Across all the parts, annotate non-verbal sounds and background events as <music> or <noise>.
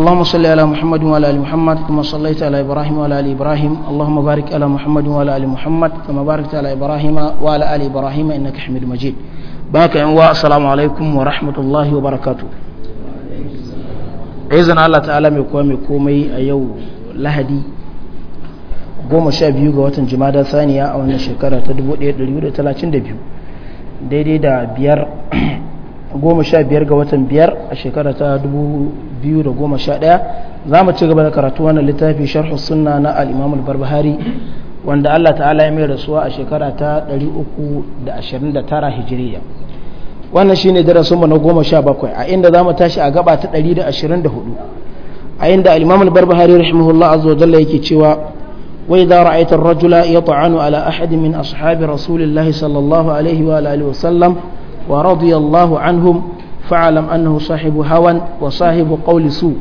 اللهم صل على محمد وعلى ال محمد كما صليت على ابراهيم وعلى ال ابراهيم اللهم بارك على محمد وعلى ال محمد كما باركت على ابراهيم وعلى ال ابراهيم انك حميد مجيد باك السلام عليكم ورحمه الله وبركاته izin Allah ta'ala mai kowa mai komai a yau lahadi goma sha biyu ga watan jimada saniya a wannan shekara ta 1232 daidai da biyar goma sha biyar ga watan biyar a shekara ta dubu biyu da goma sha ɗaya za mu ci gaba da karatu wannan littafi sharhu sunna na al'imam al-barbahari wanda allah ta'ala ya mai rasuwa a shekara ta ashirin tara hijiriya wannan shine mu na goma sha bakwai a inda za mu tashi a gaba ta hudu a inda al'imam al-barbahari rahimahullah azza wa jalla yake cewa wai za ra'aitar rajula ya ta'anu ala ahadi min ashabi rasulillahi sallallahu alaihi wa alihi wa sallam ورضي الله عنهم فاعلم أنه صاحب هوى وصاحب قول سوء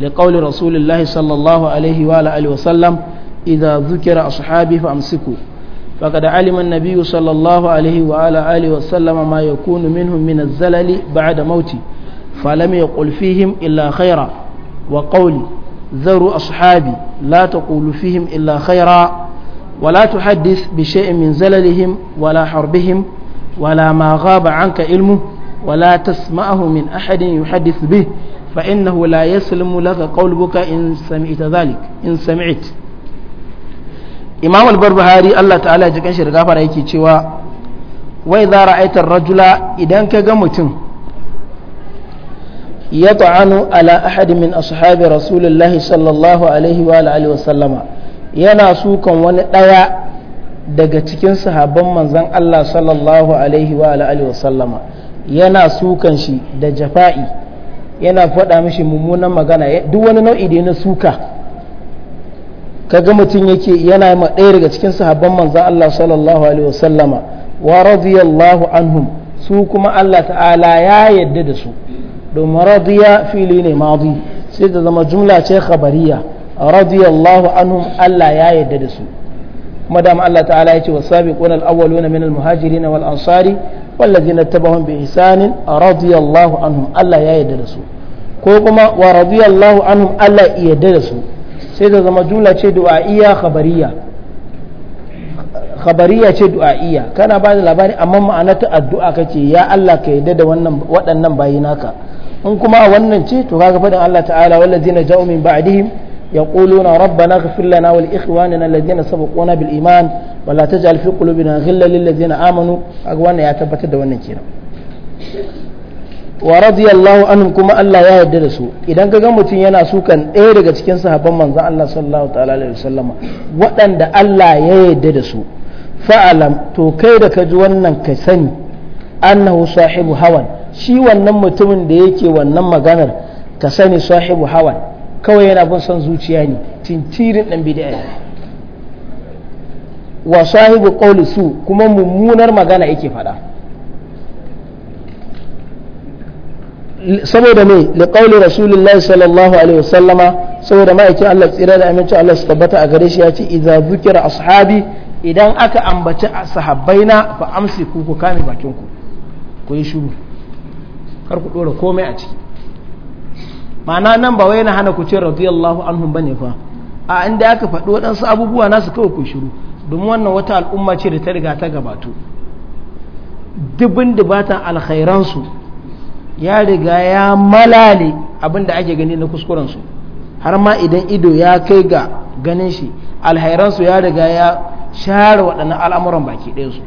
لقول رسول الله صلى الله عليه وآله وسلم إذا ذكر أصحابي فأمسكوا فقد علم النبي صلى الله عليه وآله وسلم ما يكون منهم من الزلل بعد موتي فلم يقل فيهم إلا خيرا وقولي ذروا أصحابي لا تقول فيهم إلا خيرا ولا تحدث بشيء من زللهم ولا حربهم ولا ما غاب عنك علمه ولا تسمعه من أحد يحدث به فإنه لا يسلم لك قولك إن سمعت ذلك إن سمعت إمام البربهاري الله تعالى جكن شرقا فرأيكي شوى وإذا رأيت الرجل إذا كجمت يطعن على أحد من أصحاب رسول الله صلى الله عليه وآله وسلم yana sukan wani ɗaya daga cikin sahabban manzon Allah sallallahu alaihi wa alihi wa sallama yana sukan shi da jafa'i yana faɗa mishi mummunan magana duk wani nau'i da na suka kaga mutum yake yana ma ɗaya daga cikin sahabban manzan Allah sallallahu alaihi wa sallama wa radiyallahu anhum su kuma Allah ta'ala ya yadda da su domin radiya fili ne madi sai da zama jumla ce khabariya radiyallahu anhum Allah ya yadda da su kuma dama Allah ta'ala ya ce wa sabiquna al-awwaluna min al-muhajirin wal ansari wallazina tabahum bi ihsanin radiyallahu anhum Allah ya yarda da ko kuma wa radiyallahu anhu Allah ya yarda sai da zama jumla ce du'a'iyya khabariya khabariya ce du'a'iya kana ba da labari amma ma'anar ta addu'a kake ya Allah ka yarda da waɗannan bayi naka in kuma a wannan ce to kaga faɗin Allah ta'ala wallazina ja'u min ba'dihim يقولون ربنا اغفر لنا ولاخواننا الذين سبقونا بالايمان ولا تجعل في قلوبنا غلا للذين امنوا اغوانا يا تبت ده wannan ورضي الله عنهم كما الله يهدى su idan kaga mutun yana sukan ɗaya daga cikin sahabban manzon Allah sallallahu ta'ala alaihi wasallam waɗanda Allah ya yarda da su fa'alam to kai da ka ji wannan ka sani annahu sahibu hawan shi wannan mutumin da yake wannan maganar ka sani sahibu hawan kawai yana bin son zuciya ne tintirin dan bid'a ne wa sahibu qawli su kuma mummunar magana yake faɗa saboda me da qawli rasulullahi sallallahu alaihi wasallama saboda ma'aikin Allah tsira da aminci Allah su tabbata a gare shi ya ce idza zukira ashabi idan aka ambaci sahabbaina fa amsiku ku kame bakin ku ku yi shuru. kar ku dora komai a ciki ma'ana nan ba wai na hana ku ce radiyallahu anhum bane fa a inda aka faɗi waɗansu abubuwa nasu kawai ku shiru domin wannan wata al'umma ce da ta riga ta gabato dubin dubatan alkhairansu ya riga ya malale abin da ake gani na kuskurensu har ma idan ido ya kai ga ganin shi alhairansu ya riga ya share waɗannan al'amuran baki ɗayansu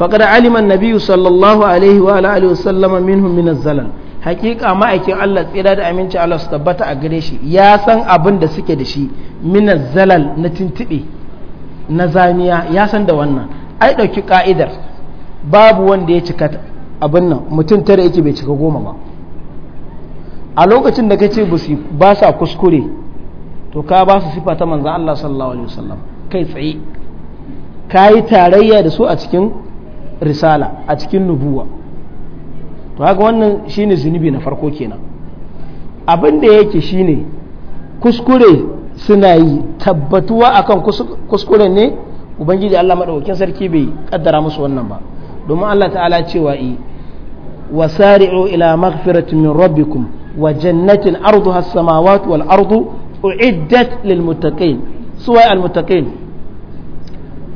faƙar aliman nabiyu sallallahu alaihi wa alihi wasallama minhum min zalal hakika ma'aikin Allah tsira da aminci Allah su tabbata a gare shi ya san abin da suke da shi mina zalal na tintibe na zamiya ya san da wannan ai ɗauki ka'idar babu wanda ya cika abin nan mutum tara yake bai cika goma ba a lokacin da kace ba su ba sa kuskure to ka ba su sifa ta manzon Allah sallallahu alaihi wasallam kai tsaye ka tarayya da su a cikin risala a cikin nubuwa to haka wannan shine zunubi na farko kenan abin da yake shine kuskure suna yi tabbatuwa akan kuskure ne ubangiji Allah madaukakin sarki bai kaddara musu wannan ba domin Allah ta'ala cewa i wasari'u ila maghfiratin min rabbikum wa jannatin arduha as-samawati wal ardu uiddat lil muttaqin suwa al muttaqin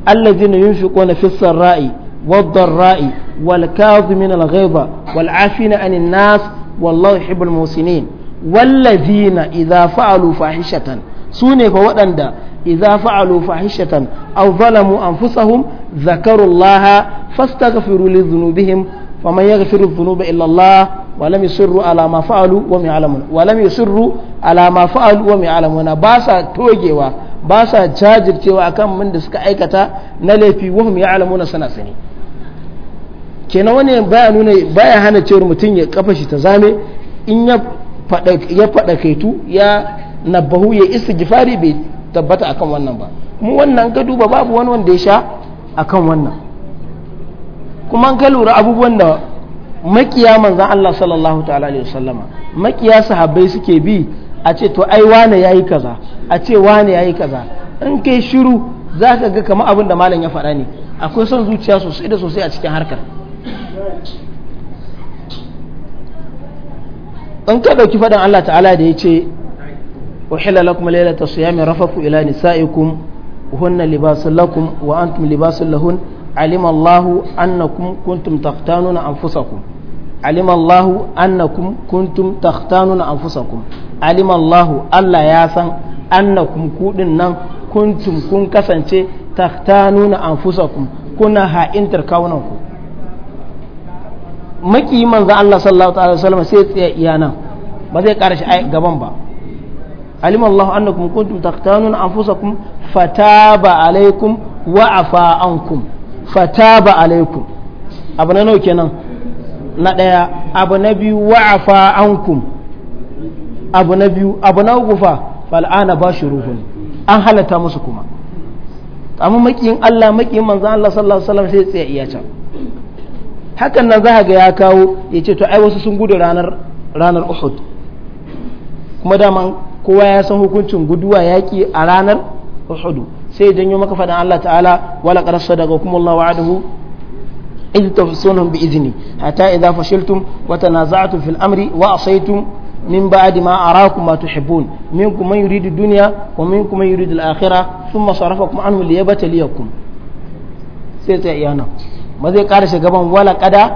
alladhina yunfiquna fis sarai والضراء والكاظمين الغيظ والعافين عن الناس والله يحب المحسنين والذين إذا فعلوا فاحشة سوني فودندا إذا فعلوا فاحشة أو ظلموا أنفسهم ذكروا الله فاستغفروا لذنوبهم فمن يغفر الذنوب إلا الله ولم يصروا على ما فعلوا وهم يعلمون ولم يصروا على ما فعلوا وهم يعلمون باسا توجيوا باسا جاجر تيوا أكم من دسك أيكتا نلفي وهم يعلمون سنة سنين kenan wani baya nuna baya hana cewar mutum ya kafa shi ta zame in ya faɗa kaitu ya nabahu ya isa gifari bai tabbata akan wannan ba mu wannan ka duba babu wani wanda ya sha akan wannan kuma an ka lura abubuwan da makiya manzan Allah sallallahu ta'ala alaihi wasallama makiya sahabbai suke bi a ce to ai wane yayi kaza a ce wane yayi kaza in kai shiru zaka ga kamar abin da malam ya faɗa ne akwai son zuciya sosai da sosai a cikin harkar in ka ɗauki fadan Allah ta'ala da ya ce uhilla lakum laylata siyami rafafu ila nisaikum hunna libasun lakum wa antum libasun lahun alima Allahu annakum kuntum takhtanuna anfusakum alima Allahu annakum kuntum takhtanuna anfusakum alima Allahu Allah ya san annakum kudin nan kuntum kun kasance takhtanuna anfusakum kuna ha'intar kawunanku maki manzo Allah sallallahu alaihi wasallam sai ya tsaya iya nan ba zai ƙara shi gaban ba alim Allah annakum kuntum taqtanun anfusakum fataba alaikum wa afa ankum fataba alaikum abu na nawa kenan na ɗaya abu na biyu wa afa ankum abu na biyu abu na uku fa fal ba shi an halatta musu kuma amma makiyin Allah makiyin manzo Allah sallallahu alaihi wasallam sai ya tsaya iya can hakan nan za a ga ya kawo ya ce to ai wasu sun gudu ranar ranar uhud kuma dama kowa ya san hukuncin guduwa yaƙi a ranar uhud sai ya janyo maka fadan Allah ta'ala wala qarasa daga kuma Allah wa'aduhu idh tafsunhum bi izini hatta idha fashiltum wa tanaza'tum fil amri wa asaytum min ba'di ma arakum ma tuhibbun minkum man yuridu dunya wa minkum man yuridu al akhirah thumma sarafakum anhu liyabata liyakum sai sai iyana ma zai ƙara ban wala kada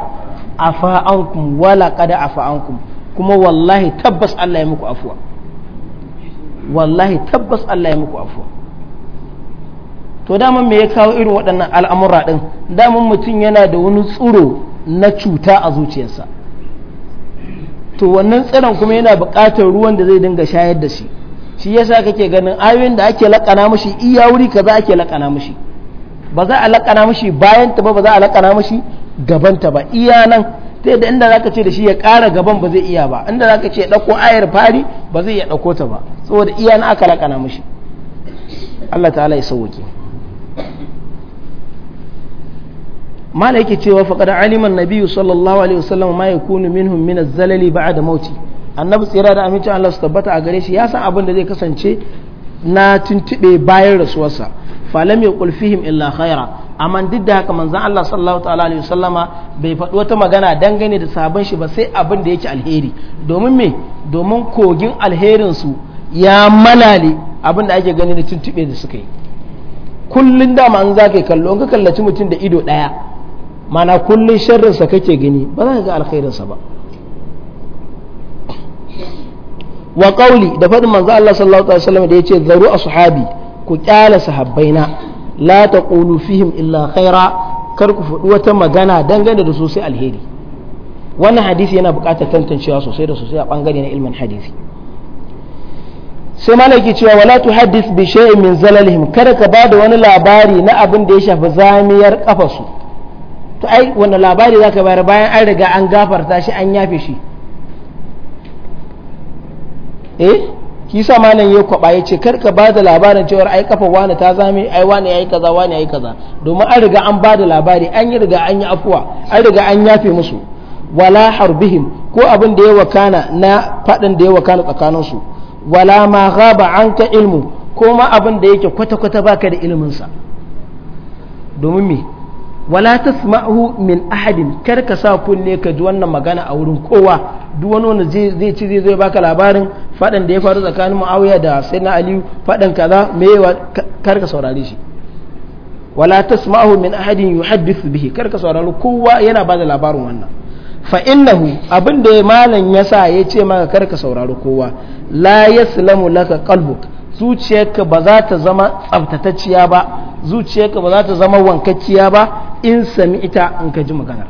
a ankum wala kuma wallahi tabbas Allah ya muku afuwa wallahi tabbas Allah ya muku afuwa to me ya kawo irin waɗannan al'amura ɗin daman mutum yana da wani tsoro na cuta a zuciyarsa to wannan tsiron kuma yana buƙatar ruwan da zai dinga shayar da shi shi yasa kake ganin ayoyin da ake laƙana mashi iya wuri kaza ake laƙana mashi ba za a lakana mashi bayan ta ba ba za a lakana mashi gaban ta ba iya nan ta yadda inda zaka ce da shi ya ƙara gaban ba zai iya ba inda zaka ce ɗauko ayar fari ba zai iya ɗauko ta ba saboda iya na aka lakana mashi Allah ta'ala ya sauwake mala yake cewa faqad aliman na biyu sallallahu alaihi wasallam ma yakunu minhum min az-zalali ba'da mauti annabi tsira da amincin Allah su tabbata a gare shi ya san abin da zai kasance na tuntube bayan rasuwarsa falam yaqul fihim illa khaira amma duk da haka manzon Allah sallallahu ta'ala alaihi wasallama bai faɗi wata magana dangane da sabon shi ba sai abin da yake alheri domin me domin kogin alherin su ya malale abin da ake gani da tuntube da suka yi kullun ma an zaka kallo ka kallaci mutum da ido ɗaya, mana kullun sharrin sa kake gani ba za ka ga alherinsa sa ba wa qauli da faɗin manzon Allah sallallahu alaihi wasallam da yace zaru ashabi ku kyala sahabbaina la taqulu fihim illa khaira kar ku faɗi wata magana dangane da su alheri wannan hadisi yana buƙatar tantancewa sosai da sosai a bangare na ilmin hadisi sai malaki cewa wala hadis bi shay'in min zalalihim kada ka bada wani labari na abin da ya shafi zamiyar kafasu to ai wannan labari zaka bayar bayan an riga an gafarta shi an yafe shi eh kisa sa malam ya kwaba ya ce karka ba da labarin cewar ai kafa wani ta zame ai wani yayi kaza wani yayi kaza domin an riga an ba da labari an yi riga an yi afuwa an riga an yafe musu wala harbihim ko abin da ya wakana na fadin da ya wakana tsakanin su wala ma ghaba anka ilmu ko ma abin da yake kwata kwata baka da ilimin sa domin me wala tasmau min ahadin kar ka sa kunne ka ji wannan magana a wurin kowa duk wani wanda zai ci zai baka labarin fadan da ya faru tsakanin Muawiya da Sayyidina Ali fadan kaza me kar ka saurare shi wala tasma'hu min ahadin yuhaddithu bihi kar ka saurari kowa yana bada labarin wannan fa innahu abin da malam ya sa ya ce maka kar ka saurari kowa la yaslamu laka qalbuk zuciyarka ba za ta zama tsaftatacciya ba zuciyarka ba za ta zama wankakkiya ba in sami ita in ka ji maganar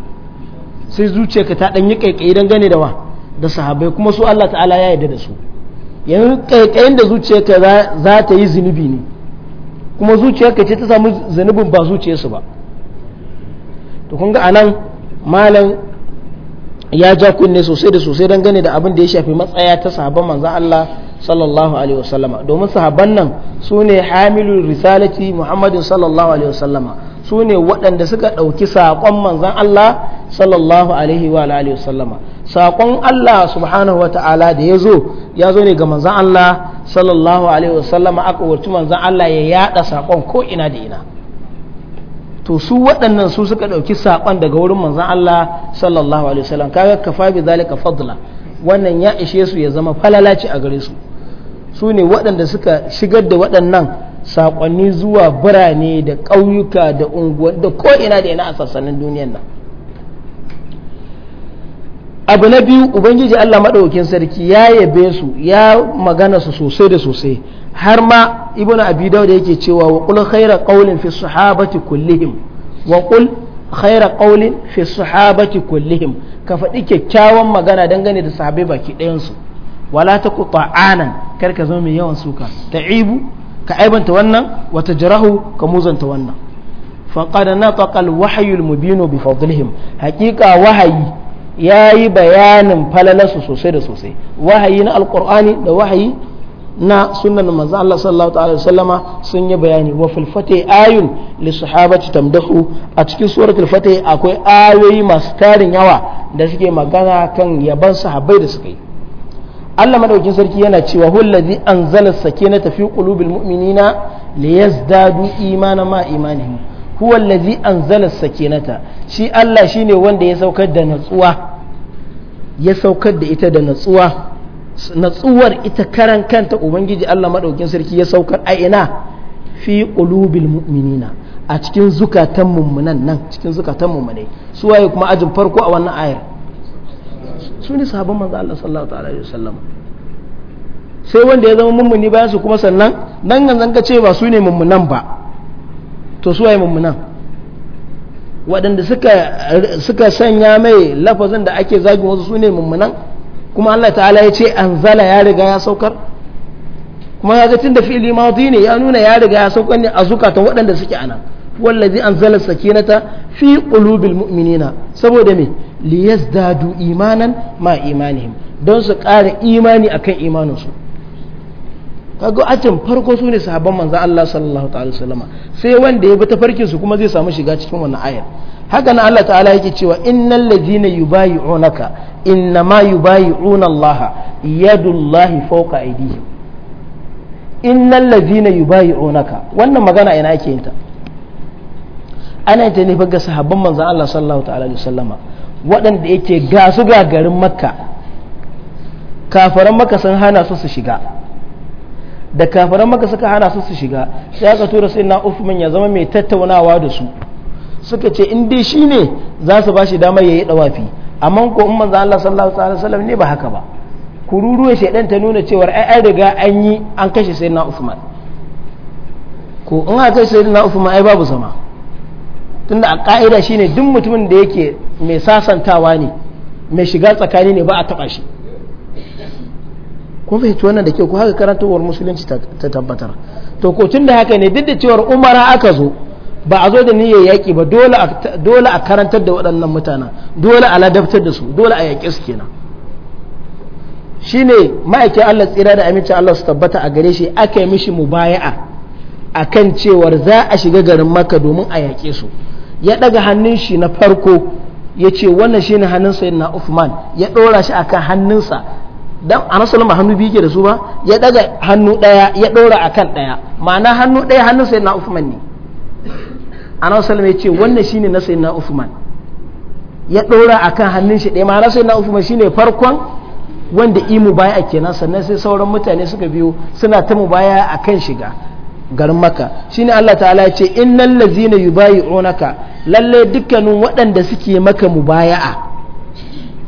sai ka ta ɗan yi ƙaiƙayi don gane da wa da sahabai kuma su Allah ta'ala ya yarda da su yanzu ƙaiƙayin da ka za ta yi zunubi ne kuma ka ce ta samu zunubin ba su ba to kun ga anan malam ya ja kunne sosai da sosai don gane da abin da ya shafi matsaya ta sahabban manzan Allah sallallahu alaihi wasallama domin sahabban nan sune ne hamilul risalati muhammadin sallallahu alaihi wasallama su ne waɗanda suka ɗauki saƙon manzan Allah sallallahu alaihi wa alihi wasallama saƙon Allah subhanahu wa ta'ala da ya zo ya zo ne ga manzan Allah sallallahu alaihi wasallama aka wurci manzan Allah ya yaɗa saƙon ko ina da ina to su waɗannan su suka ɗauki saƙon daga wurin manzan Allah sallallahu alaihi wasallam kaga kafa bi zalika fadla wannan ya ishe su ya zama falalaci a gare su su ne waɗanda suka shigar da waɗannan saƙonni zuwa birane da ƙauyuka da unguwa da ko'ina da ina a sassanin duniyar nan abu na biyu ubangiji allah maɗaukin sarki ya yabe su ya magana su sosai da sosai har ma ibn abi da yake cewa wa qul khayra qawlin fi sahabati kullihim wa qul khayra qawlin fi sahabati kullihim ka faɗi kyakkyawan magana dangane da sahabbai baki ɗayansu wala ta ku ta'anan kar ka zama mai yawan suka ta'ibu ka aibanta wannan wata jirahu ka muzanta wannan faqad nataqa al-wahyu al bi fadlihim haƙiƙa wahayi yi bayanin falalarsu sosai da sosai wahayi na alƙur'ani da wahayi na sunan manzo Allah sallallahu ta'ala sun yi bayani wa fil ayun li sahabati tamdahu a cikin suratul fatih akwai ayoyi masu tarin yawa da suke magana kan yaban sahabbai da suka yi Allah madaukin sarki yana cewa huwa allazi anzala na fi qulubil mu'minina liyazdadu imana ma imanihim huwa allazi anzala sakinata shi Allah shine wanda ya saukar da natsuwa ya saukar da ita da natsuwa natsuwar ita karan kanta ubangiji Allah madaukin sarki ya saukar a ina fi qulubil mu'minina a cikin zukatan mummunan nan cikin zukatan Su waye kuma ajin farko a wannan ayar su ne sahabban manzo Allah sallallahu alaihi wasallam sai wanda ya zama mummuni bayan su kuma sannan nan nan zanga ce ba su ne mummunan ba to su waye mummunan waɗanda suka suka sanya mai lafazin da ake zagin wasu su ne mummunan kuma Allah ta'ala ya ce anzala ya riga ya saukar kuma ya ga tunda fi'ili madi ne ya nuna ya riga ya saukar ne a zukatan waɗanda suke anan wallazi anzala sakinata fi qulubil mu'minina saboda me liyazdadu imanan ma imanihim don su ƙara imani akan imaninsu kaga atin farko su ne sahabban manzan Allah sallallahu ta'ala sallama sai wanda ya bi tafarkin su kuma zai samu shiga cikin wannan ayar haka na Allah ta'ala yake cewa innal ladina yubayi'unaka ma yubayi'una Allah yadullahi fawqa aydihim innal ladina yubayi'unaka wannan magana ina yake yin ta ana yin ta ne ga sahabban manzan Allah sallallahu ta'ala sallama waɗanda yake ga su garin makka kafaran makka sun hana su su shiga da kafaran maka suka hana su su shiga sai aka tura sai na Uthman ya zama mai tattaunawa da su suka ce in dai shi ne za su ba shi damar ya yi dawafi amma ko in manzo Allah sallallahu alaihi wasallam ne ba haka ba kururuwa shaidan ta nuna cewa ai an riga an yi an kashe sai na Uthman ko in aka kashe sai na Uthman ai babu zama tunda a ka'ida shine duk mutumin da yake mai sasantawa ne mai shiga tsakani ne ba a taba shi Kuma fahimci wannan da ke ku haka karantowar musulunci ta tabbatar to ko tun da haka ne duk da cewar umara aka zo ba a zo da niyyar yaƙi ba dole a karantar da waɗannan mutanen dole a ladabtar da su dole a yaƙe su kenan ne ma'aikin Allah tsira da amincin Allah su tabbata a gare shi aka yi mishi mubaya'a kan cewar za a shiga garin maka domin a yaƙe su ya daga hannun shi na farko ya ce wannan shi ne hannun na Uthman ya ɗora shi akan hannunsa dan nasu lamar hannu biyu ke da su ba ya daga hannu ɗaya ya ɗora a kan ɗaya ma'ana hannu ɗaya hannun na Uthman ne A nasu lamar ya ce wannan shi ne na na Uthman ya ɗora a kan hannun shi daya ma'ana sayyidina Uthman ne farkon wanda imu baya a kenan sannan sai sauran mutane suka biyo suna ta mu baya a kan shiga garin maka shine Allah ta'ala ya ce innal ladzina yubayi'unaka lalle dukkanin waɗanda suke maka mubaya'a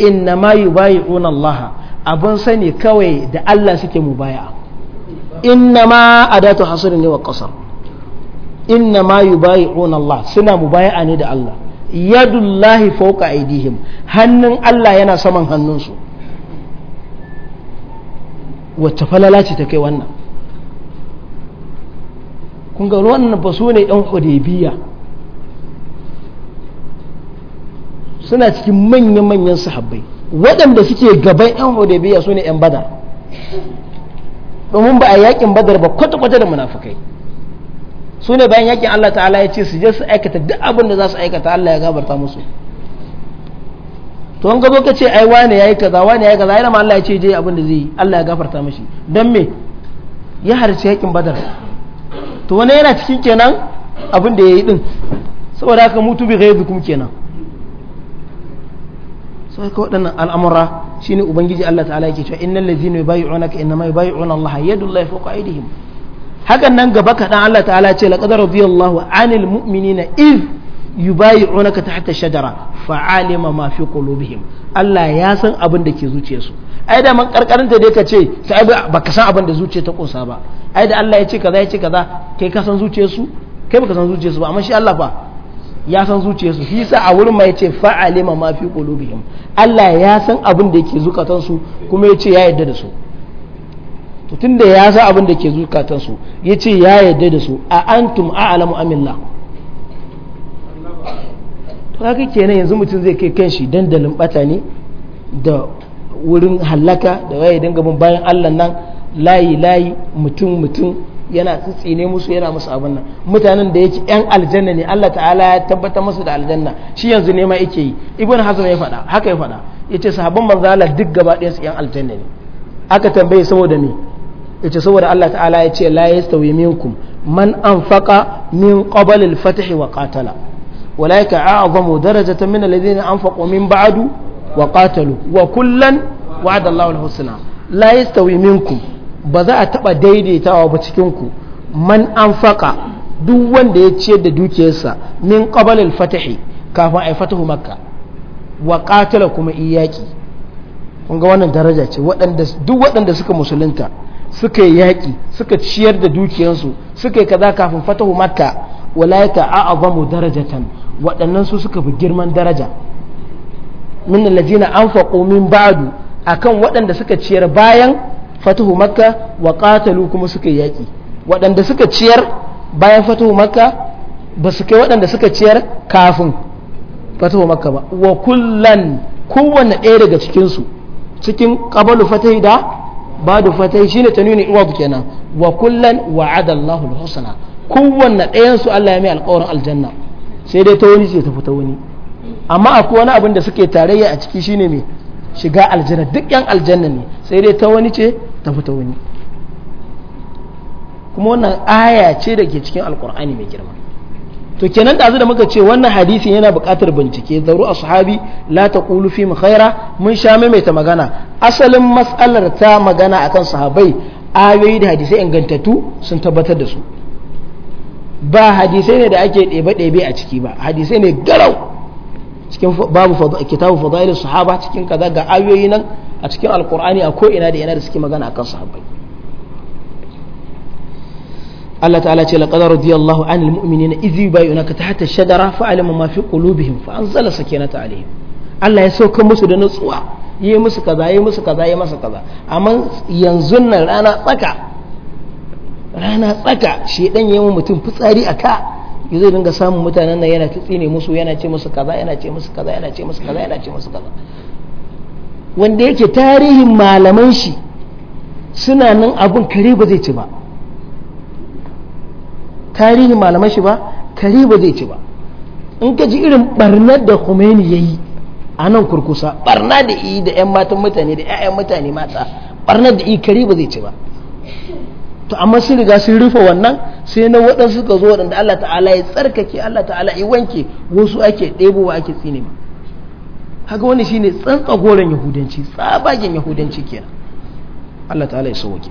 inna ma yubayi'una Allah abun sani kawai da Allah suke mubaya'a inna ma adatu hasr ne wa qasar inna ma yubayi'una Allah suna mubaya'a ne da Allah yadullahi fawqa aidihim hannun Allah yana saman hannunsu wacce falala ce ta kai wannan kun ga wannan ba su ne ɗan hudaybiya suna cikin manya-manyan sahabbai waɗanda suke gaban ɗan hudaybiya su ne ɗan badar domin ba a yakin badar ba kwata-kwata da munafukai su ne bayan yakin Allah ta'ala ya ce su je su aikata duk abin da za su aikata Allah ya gabarta musu to an gabo ka ce ai wane yayi kaza wane yayi kaza ai Allah ya ce je abin da zai yi Allah ya gafarta mishi dan me ya harci yakin badar to wani yana cikin kenan abin da ya yi din saboda haka mutu bi gaibi kuma kenan sai ka waɗannan al'amura shi shine ubangiji Allah ta'ala yake cewa innal ladzina yubayyi'unaka innama ya Allah fi fawqa aidihim hakan nan gaba kaɗan Allah ta'ala ce laqad radiyallahu 'anil na iz yubayi'unaka tahta shajara alima ma fi qulubihim Allah ya san abin da ke zuciyarsu ai da man karkarin ta dai ka ce sai baka san abin da zuciya ta kosa ba ai da Allah ya ce kaza ya ce kaza kai ka san zuciyarsu kai baka san zuciyarsu ba amma shi Allah fa ya san zuciyarsu shi yasa a wurin ma yace alima ma fi qulubihim Allah ya san abin da yake zukatansu kuma ya ce ya yarda da su to tunda ya san abin da ke zukatansu yace ya yarda da su a antum a'lamu amillah haka kenan yanzu mutum zai kai kanshi dandalin bata ne da wurin hallaka da waye dinga bin bayan Allah nan layi layi mutum mutum yana tsitsine musu yana musu abin nan mutanen da yake yan aljanna ne Allah ta'ala ya tabbata musu da aljanna shi yanzu nema yake yi ibn hazm ya faɗa haka ya faɗa yace sahabban manzo Allah duk gaba ɗayan su yan aljanna ne aka tambaye saboda me yace saboda Allah ta'ala ya ce la yastawi minkum man anfaqa min qabla al-fath wa qatala a أولئك أعظم درجة من الذين أنفقوا من بعد وقاتلوا وكلا وعد الله الحسنى لا يستوي منكم بذا أتبع ديدي تاوى بتكنكم من أنفق duk wanda ya ciyar da dukiyarsa min qabalil fatahi kafin ai fatahu makka wa qatala kuma iyaki kun ga wannan daraja ce duk waɗanda suka musulunta suka yi yaƙi suka ciyar da dukiyansu suka yi kaza kafin fatahu makka walaika a'azamu darajatan waɗannan su suka fi girman daraja min allazina anfaqu min ba'du akan waɗanda suka ciyar bayan fatahu makka wa qatalu kuma suka yi yaƙi waɗanda suka ciyar bayan fatahu makka ba su kai waɗanda suka ciyar kafin fatahu makka ba wa kullan kowanne ɗaya daga cikinsu cikin ƙabalu fatahi da badu fatai shine nuna iwad kenan wa kullan wa adallahu al-husna kowanne ɗayan su Allah ya mai alƙawarin aljanna sai dai ta wani ce ta fita wani amma akwai wani abin da suke tarayya a ciki shine me shiga aljanna duk yan aljanna ne sai dai ta wani ce ta fita wani kuma wannan aya ce da ke cikin alƙur'ani mai girma to kenan da da muka ce wannan hadisin yana buƙatar bincike zaru ashabi la taqulu fi khaira mun sha maimaita magana asalin mas'alar ta magana akan sahabbai ayoyi da hadisai ingantattu sun tabbatar da su ba hadisai ne da ake ɗebe-ɗebe a ciki ba hadisai ne garau cikin babu kitabu fadailu sahaba cikin kaza ga ayoyi nan a cikin alƙur'ani a ko ina da yana da suke magana akan sahabbai Allah ta'ala ce laqad radiyallahu anil mu'minina idh yubayyinuka tahta ash-shajara fa'alima ma fi qulubihim fa anzala sakinata alaihim Allah ya sauka musu da nutsuwa yi musu kaza yi musu kaza yi masa kaza amma yanzu nan rana tsaka rana tsaka yi yayin mutum fitsari aka zai dinga samun mutanen nan yana ta tsine musu yana ce musu kaza yana ce musu kaza yana ce musu kaza yana ce musu kaza wanda yake tarihin malaman shi suna nan abun kare ba zai ci ba Tarihin malaman shi ba kare ba zai ci ba in ka ji irin barnar da Khomeini ya yi a nan kurkusa barna da yi da 'yan matan mutane da 'ya'yan mutane mata barnar da yi kare zai ci ba to amma sun riga sun rufe wannan sai na waɗansu suka zo waɗanda Allah ta'ala ya tsarkake Allah ta'ala ya wanke wasu ake ɗebowa ake tsine ma haka wani shine tsantsa goren yahudanci tsabagen yahudanci kenan Allah ta'ala ya sauke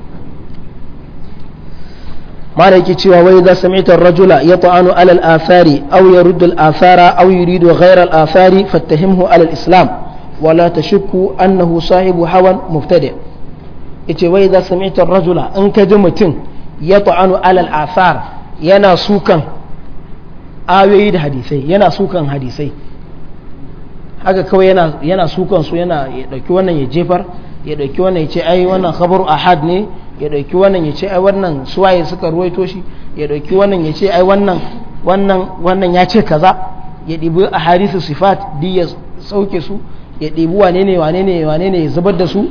ما رأيك تشوى وإذا سمعت الرجل يطعن على الآثار au يرد الآثار أو يريد غير الآثار فاتهمه alal islam ولا تشك annahu sahibu hawan مبتدئ ita wai za sami rajula in ka ji mutum ya ta'anu alal asar yana sukan ayoyi da hadisai yana sukan hadisai haka kawai yana yana sukan su yana ya dauki wannan ya jefar ya dauki wannan ya ce ai wannan khabaru ahad ne ya ɗauki wannan ya ce ai wannan suwaye suka ruwaito shi ya ɗauki wannan ya ce ai wannan wannan wannan ya ce kaza ya ɗibi a harisu sifat di ya sauke su ya ɗibi wane ne wane ne wane ne ya zubar da su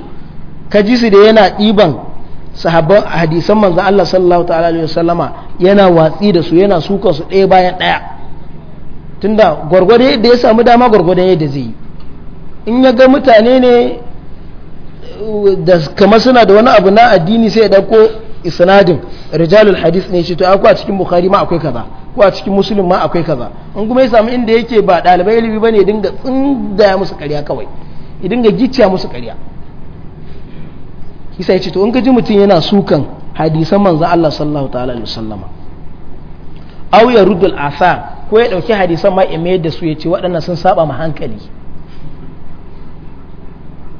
ka ji su da yana ɗiban sahabban hadisan manzan Allah sallallahu ta'ala alaihi wasallama yana watsi da su yana suka su ɗaya bayan ɗaya tunda gwargwado da ya samu dama gwargwadon yadda zai yi in ya ga mutane ne da kamar suna da wani abu na addini sai ya dauko isnadin rijalul hadith ne shi to akwai a cikin bukhari ma akwai kaza ko a cikin muslim ma akwai kaza in kuma ya samu inda yake ba dalibai ilimi bane dinga tsindaya musu ƙarya kawai ya dinga gicciya musu ƙarya isa ya ce to in ka ji mutum yana sukan hadisan manzo Allah sallallahu ta'ala alaihi wasallama aw ya rudul asa ko ya dauki hadisan ma ya mayar da su ya ce waɗannan sun saba ma hankali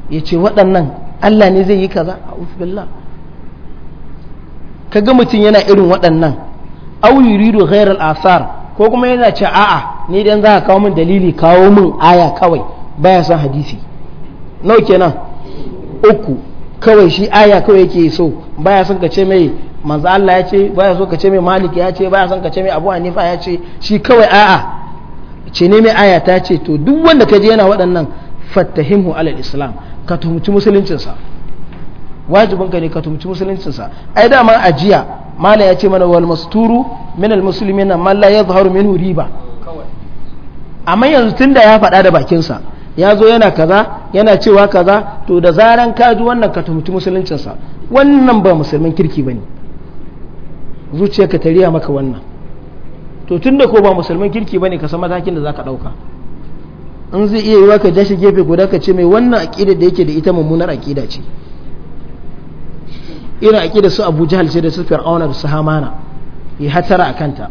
ya ce waɗannan Allah ne zai yi kaza a'udhu ka kaga mutum yana irin waɗannan au yuridu ghayr asar ko kuma yana ce a'a ni dan za ka kawo min dalili kawo min aya kawai baya son hadisi nau kenan uku kawai shi aya kawai yake so baya son ka ce mai manzo Allah ya ce baya so ka ce mai Malik ya ce baya son ka ce mai Abu Hanifa ya ce shi kawai a'a ce ne mai aya ta ce to duk wanda ka je yana waɗannan fattahimu alal islam ka tumci musuluncinsa wajibinka ne ka tumci musuluncinsa ai dama a jiya mala ya ce mana wal masturu min al muslimina man la yadhharu minhu riba amma yanzu tunda ya faɗa da bakinsa ya zo yana kaza yana cewa kaza to da zaran ka ji wannan ka tumci musuluncinsa wannan ba musulmin kirki bane zuciyarka ta riya maka wannan to tunda ko ba musulmin kirki bane ka san matakin da ka ɗauka. in zai iya yiwa ka jashi gefe guda ka ce mai wannan aƙida da yake da ita mummunar aƙida ce irin aƙida su abu jahal ce da su fir'auna da su hamana ya hatara a kanta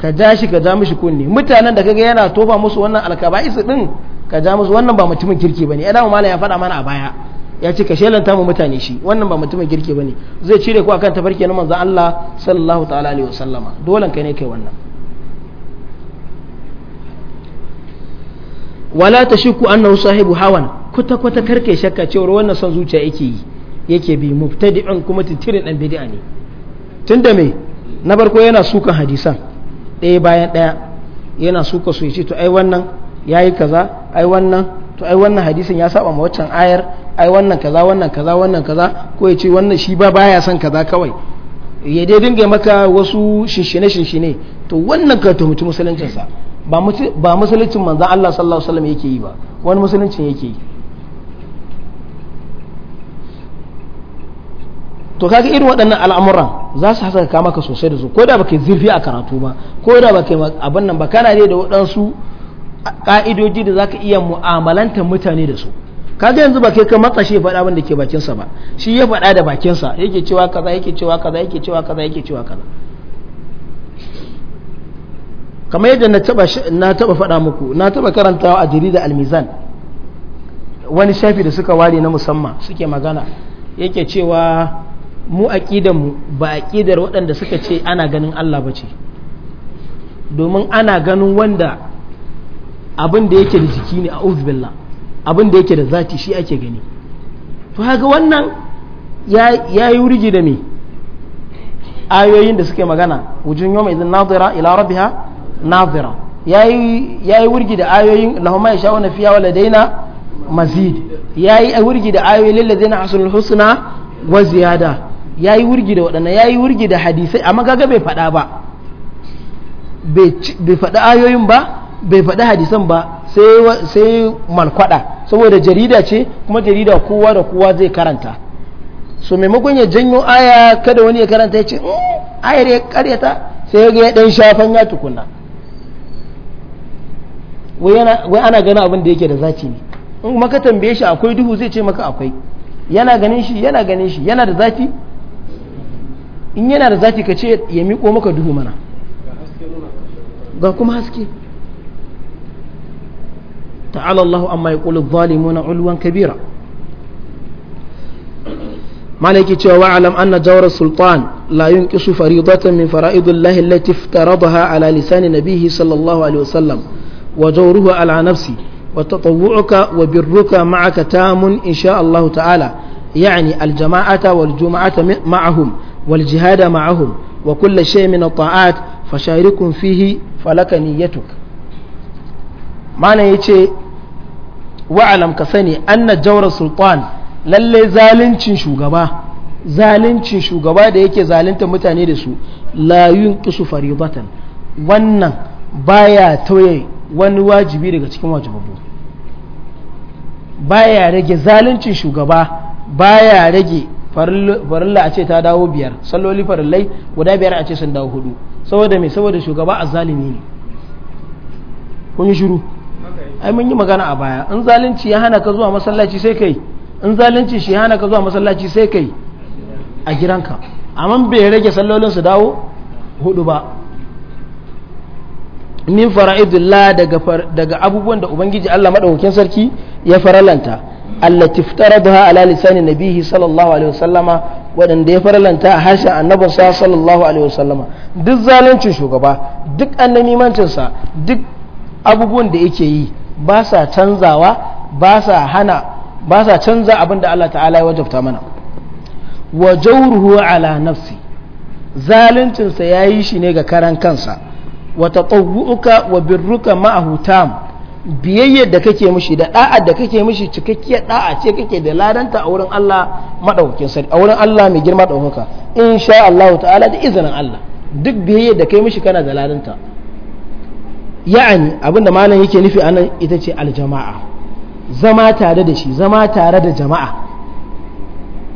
ka ja shi ka ja mishi kunne mutanen da kaga yana tofa musu wannan alkaba'isu din ka ja musu wannan ba mutumin kirki bane ya mala ya faɗa mana a baya ya ce ka shelanta mu mutane shi wannan ba mutumin kirki bane zai cire ku akan tafarki na manzon Allah sallallahu ta'ala alaihi wasallama dole ka ne kai wannan wala ta shi ku annahu sahibu hawan kwata kwata karke shakka cewar wannan son zuciya yake yi yake bi mubtadi'un kuma titirin dan bid'a ne tunda me na farko yana sukan hadisan ɗaya bayan ɗaya yana suka su yace to ai wannan yayi kaza ai wannan to ai wannan hadisin ya saba ma waccan ayar ai wannan kaza wannan kaza wannan kaza ko yace wannan shi ba baya son kaza kawai ya dai dinga maka wasu shinshine shinshine to wannan ka tuhumci musuluncinsa ba musuluncin manzan Allah sallallahu alaihi wasallam yake yi ba wani musuluncin yake yi to kaga irin waɗannan al'amuran za su hasaka ka sosai da su ko da baka zurfi a karatu ba ko da baka abin nan ba kana ne da waɗansu ka'idoji da zaka iya mu'amalanta mutane da su kaga yanzu ba kai ka matsa shi faɗa abin da ke bakinsa ba shi ya faɗa da bakinsa yake cewa kaza yake cewa kaza yake cewa kaza yake cewa kaza kamar yadda na taba faɗa muku na taba karantawa a jarida almizan wani shafi da suka ware na musamman suke magana yake cewa mu mu ba aqidar waɗanda suka ce ana ganin Allah ba ce domin ana ganin wanda abin da yake da jiki ne a uzbillah abin da yake da zati shi ake gani to haka wannan ya yi wurgi da me ayoyin da suke magana wujun yau mai zan nazira ila rabbiha nazira yi wurgi da ayoyin lahumma yasha'una fiya wa ladaina mazid ya yi wurgi da ayoyin lil ladaina hasulul husna wa ziyada yi wurgi da ya yi wurgi da hadisai amma kaga bai fada ba bai fada ayoyin ba bai fada hadisan ba sai sai malkwada saboda jarida ce kuma jarida kowa da kowa zai karanta so maimakon ya janyo aya kada wani ya karanta ya ce hmm, ayar ya karyata sai ya ga ya dan shafan ya tukuna. wai ana ganin abin da yake da zaci ne in kuma ka tambaye shi akwai duhu zai ce maka akwai yana ganin shi yana ganin shi yana da zafi in yana da zafi ka ce ya miƙo maka duhu mana ga kuma haske ta'ala Allahu amma ya ƙulu zalimuna ulwan kabira malaki cewa wa'alam anna jawar sultan la yunqisu faridatan min fara'idillahi allati iftaraḍaha ala lisani nabihi sallallahu alaihi wasallam وجوره على نفسي وتطوعك وبرك معك تام إن شاء الله تعالى يعني الجماعة والجمعة معهم والجهاد معهم وكل شيء من الطاعات فشارك فيه فلك نيتك معنى يتي wa'alam ka sani anna jawar sultan lallai zaluncin shugaba zaluncin shugaba da yake zalunta mutane da su la yunqisu faribatan wannan baya tauye wani wajibi daga cikin wajibabu baya rage zaluncin shugaba baya rage farilla a ce ta dawo biyar salloli farillai guda biyar a ce sun dawo hudu saboda mai saboda shugaba a zalimi ne kun yi shiru ai mun yi magana a baya in zalunci ya hana ka zuwa masallaci sai kai in zalunci shi hana ka zuwa masallaci sai kai a gidanka amma bai rage sallolin su dawo hudu ba min fara'idullah daga daga abubuwan da ubangiji Allah madaukakin sarki ya faralanta allati ftaradha ala lisani nabihi sallallahu alaihi wasallama wadanda ya faralanta a harshen annabin sallallahu alaihi wasallama duk zaluncin shugaba duk annamimancin sa duk abubuwan da yake yi ba sa canzawa ba sa hana ba sa canza abin da Allah ta'ala ya wajabta mana wa jawruhu ala nafsi zaluncinsa ya yi shi ne ga karan kansa wa taqawwuka wa birruka ma'ahu tam biyayyar da kake mishi da da'a da kake mishi cikakkiyar da'a ce kake da ladanta a wurin Allah madaukakin sarki a wurin Allah mai girma daukaka insha Allah ta'ala da izinin Allah duk biyayyar da kai mishi kana da ladanta ya'ani abinda malam yake nufi anan ita ce aljama'a zama tare da shi zama tare da jama'a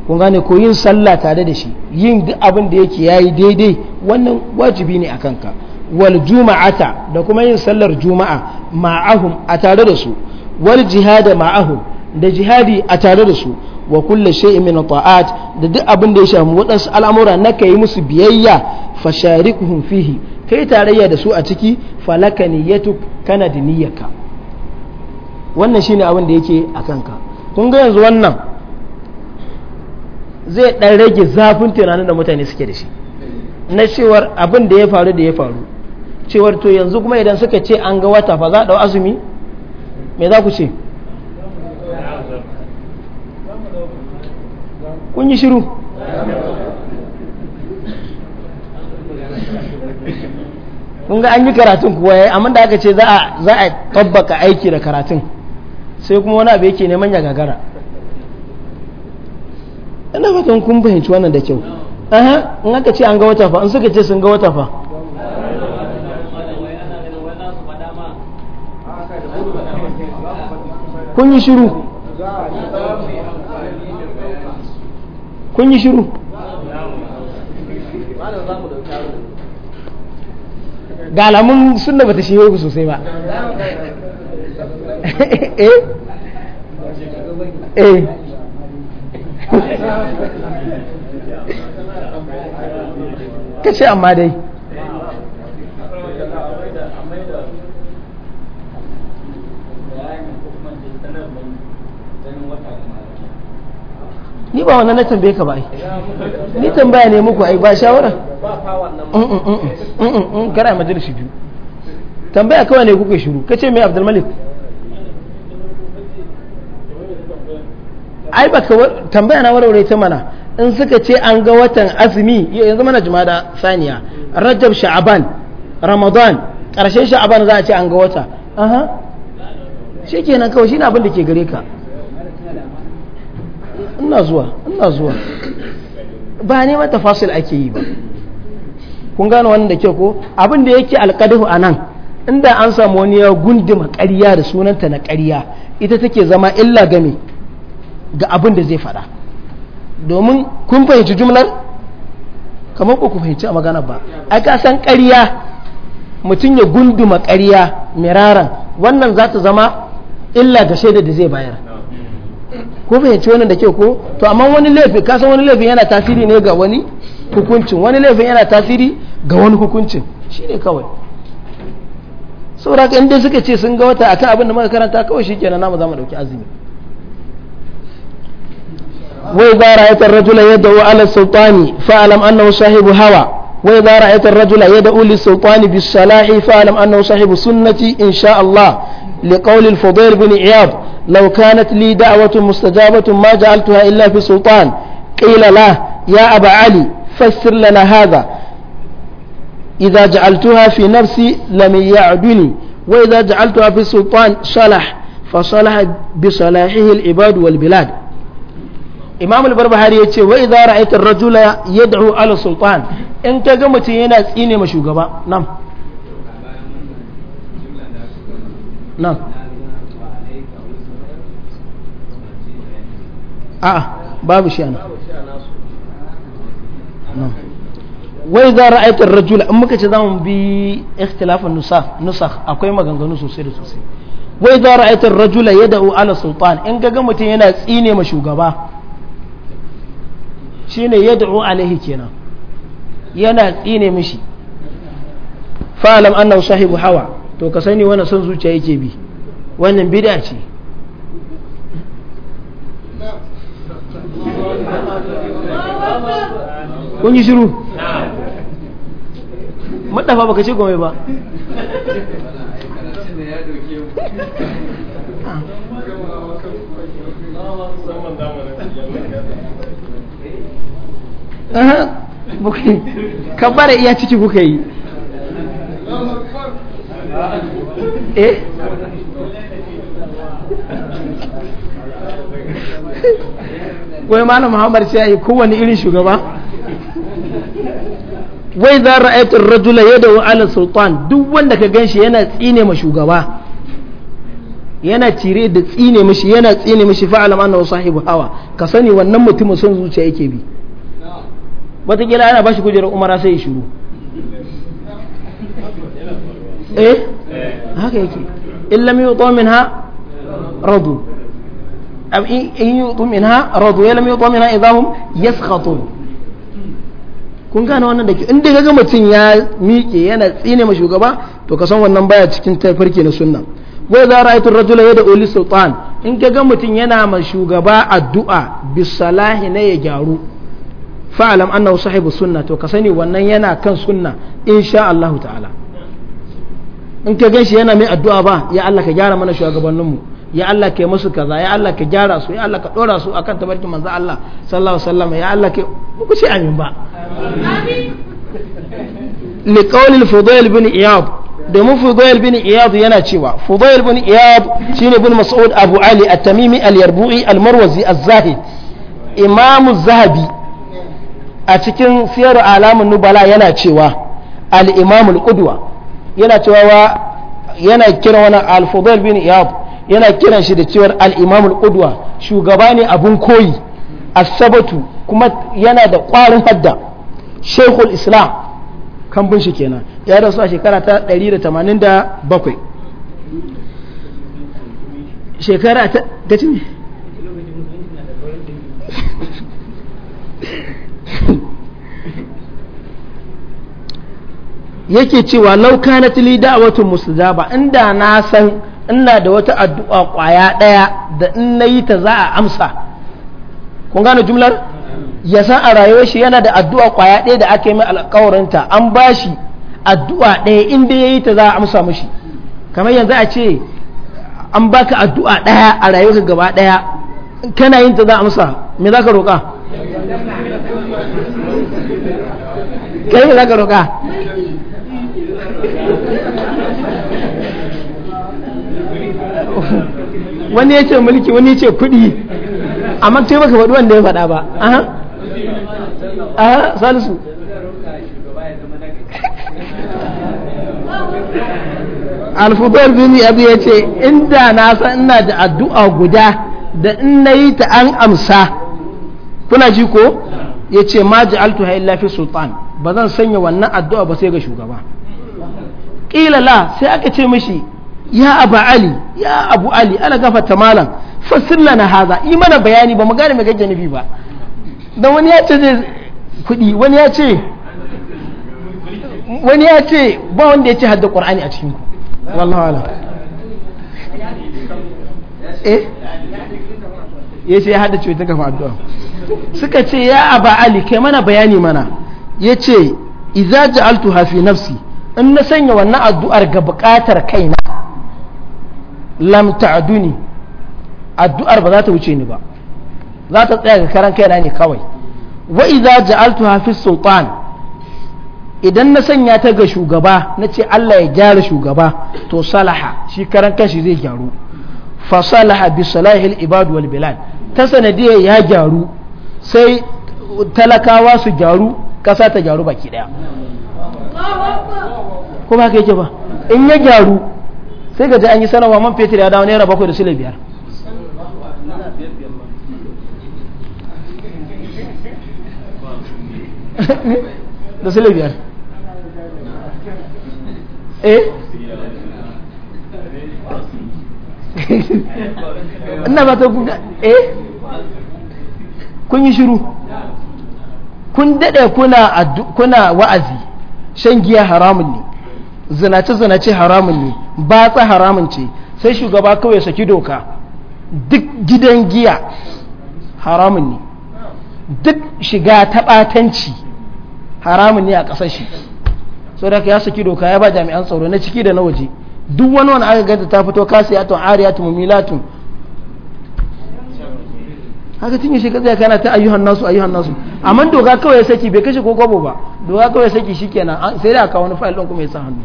kun gane ko yin sallah tare da shi yin duk abin da yake yayi daidai wannan wajibi ne a kanka wal juma'ata da kuma yin sallar juma'a ma'ahum a tare da su wal jihada ma'ahum da jihadi a tare da su wa kulle shay'in min ta'at da duk abin da ya shafi waɗansu al'amura na kai musu biyayya fa fihi kai tarayya da su a ciki falaka niyyatu kana diniyaka wannan shine abin da yake a kanka kun ga yanzu wannan zai dan rage zafin tunanin da mutane suke da shi na cewar abin da ya faru da ya faru cewar to yanzu kuma idan suka ce an ga wata fa za a azumi me za ku ce kun yi shiru kun ga an yi karatun kuwa ya eh, yi amma da aka ce za a tabbaka aiki da karatun sai kuma wani abu yake neman ya gagara ina fatan kun fahimci wannan da kyau in aka ce an ga wata fa in suka ce sun ga wata fa kun yi shiru kun yi shiru ga alamun sunna bata shi yau sosai ba <laughs> eh eh <laughs> kace amma dai ni ba wannan na tambaye ka ba ai ni tambaya ne muku ai ba shawara mm, mm, mm, kara majalisi biyu tambaya kawai ne kuka shiru ka ce mai abdulmalik ai ba tambaya na warware ta mana in suka ce an ga watan azumi yanzu mana jumada saniya rajab sha'aban ramadan karshen sha'aban za a ce an ga wata aha kenan kawai shi na abin da ke gare ka ina zuwa ina zuwa ba neman tafasil ake yi ba kun gane wannan da ke ko abin da yake alkadahu a nan inda an samu wani ya gundima ƙarya da sunanta na ƙarya ita take zama illa game ga abin da zai faɗa domin kun fahimci jumlar kamar ku fahimci a magana ba a kasan ƙarya mutum ya gunduma ƙarya miraran wannan za ta zama illa ga shaida da zai bayar ko fahimci wannan da ke ko to amma wani laifi ka san wani laifin yana tasiri ne ga wani hukuncin wani laifin yana tasiri ga wani hukuncin shine kawai saboda in suka ce sun ga wata akan abin da muka karanta kawai shikenan namu zamu dauki azumi وإذا رأيت الرجل يدعو على السلطان فاعلم أنه صاحب هوى وإذا رأيت الرجل يدعو للسلطان بالصلاح فاعلم أنه صاحب سنة إن شاء الله لقول الفضيل بن عياض لو كانت لي دعوة مستجابة ما جعلتها إلا في سلطان قيل له يا أبا علي فسر لنا هذا إذا جعلتها في نفسي لم يعدني وإذا جعلتها في سلطان صلح فصلح بصلاحه العباد والبلاد imam al-barbahari ya ce wa idza ra'aita ar-rajula yad'u ala sultan in ka ga mutum yana tsine ma shugaba nan nan a'a babu shi ana wai za ra'aitar rajula in muka ce za mu bi ikhtilafin nusakh akwai maganganu sosai da sosai wai za ra'aitar rajula ya da'u ala sultan in ga mutum yana tsine ma shugaba shine ya da'u alaihi kenan yana tsine mishi fa'alam annahu sahibu hawa to ka sani wannan son zuciya yake bi wannan bid'a ce kun yi shiru madafa baka ce gome ba ka iya ciki kuka yi eh wai malam muhammad sai yi kowane irin shugaba wai za ra'aytul rajula yadawu ala sultan duk wanda ka ganshi yana tsine ma shugaba yana cire da tsine mishi yana tsine mishi fa'alam annahu sahibu hawa ka sani wannan mutumin son zuciya yake bi wataƙila ana ba shi kujerar umara sai ya shiru eh haka yake illam yuto minha radu in yutu minha kun gane wannan da ke in dai kaga mutum ya miƙe yana tsine ma shugaba to ka san wannan baya cikin tafarki na sunna wa za ra'aytu da rajula yad'u li sultan in kaga mutum yana ma shugaba addu'a bis salahi na ya gyaru fa'alam annahu sahibu sunna to ka sani wannan yana kan sunna insha Allah ta'ala in ka ganshi yana mai addu'a ba ya Allah ka gyara mana shugabanninmu ya Allah kai musu kaza ya Allah ka gyara su ya Allah ka dora su akan tabarkin manzo Allah sallallahu alaihi wasallam ya Allah kai ku ce amin ba amin li qawli fudail bin iyad domin fudail bin iyad yana cewa fudail bin iyad shine bin mas'ud abu ali at-tamimi al-yarbu'i al-marwazi az-zahid imamu zahabi a cikin siyar alamun nubala yana cewa al-imam al-qudwa yana cewa yana kira wannan al-fudail bin iyad yana kiran shi da cewar al’imamul ƙudwa shugaba ne abun koyi asabatu sabatu kuma yana da ƙwarin hadda shekul islam kambun shi kenan ya rasu a shekara ta 187 shekara ta ta ci yake cewa lau kanat li inda na san ina da wata addu'a ƙwaya ɗaya da in na yi ta za a amsa kun gane jumlar ya san a rayuwar shi yana da addu'a ƙwaya ɗaya da aka yi mai alƙawarinta an ba shi addu'a ɗaya inda ya yi ta za a amsa mushi kamar yanzu a ce an baka addu'a ɗaya a rayuwarka gaba ɗaya kana yin ta za a amsa me za ka roƙa kai me za ka roƙa wani ya ce mulki wani ya ce kuɗi amma kai baka faɗi wanda ya faɗa ba aha aha salisu alfubar bin abu ya ce inda na san ina da addu'a guda da ina yi ta an amsa kuna ji ko ya ce ma ji altu illa fi sultan ba zan sanya wannan addu'a ba sai ga shugaba ƙila la sai aka ce mishi ya abu ali ya abu ali ala gafarta malam fassir lana haza yi mana bayani ba mu gane me kake nufi ba dan wani ya ce zai kuɗi wani ya ce ba wanda ya ce hadda qur'ani a cikin ku wallahi eh? ya ce ya hada ce ta kafa addu'a suka ce ya aba ali kai mana bayani mana ya ce idza ja'altuha fi nafsi in na sanya wannan addu'ar ga buƙatar kaina lam ta'duni addu'ar ba za ta wuce ni ba za ta tsaya ga karan kaina ne kawai wa idza ja'altuha fi sultan idan na sanya ta ga shugaba na ce Allah ya gyara shugaba to salaha shi karan kanshi zai gyaru fa salaha bi salahil ibad wal bilad ta sanadiya ya gyaru sai talakawa su gyaru kasa ta gyaru baki daya ko ba ka yake ba in ya gyaru sai ga ji an yi sanarwa man fetur ya dawo naira bakwai da sule biyar <laughs> da sule biyar eh <laughs> ina ba ta kuka eh kun yi shiru kun daɗe kuna wa'azi shan giya haramun ne zinace-zinace haramun ne batsa haramun ce sai shugaba kawai saki doka duk gidan giya haramun ne duk shiga taɓatanci haramun ne a ƙasar shi sau da ya saki doka ya ba jami'an tsaro na ciki da na waje duk wani wani aka ganta ta fito kasiyatun tun mumilatun haka tun yi shi kaza kana ta ayyuhan nasu ayyuhan nasu amma doka kawai saki bai kashe ko gwabo ba doka kawai saki shikenan sai da aka wani fa'il ɗin kuma ya sa hannu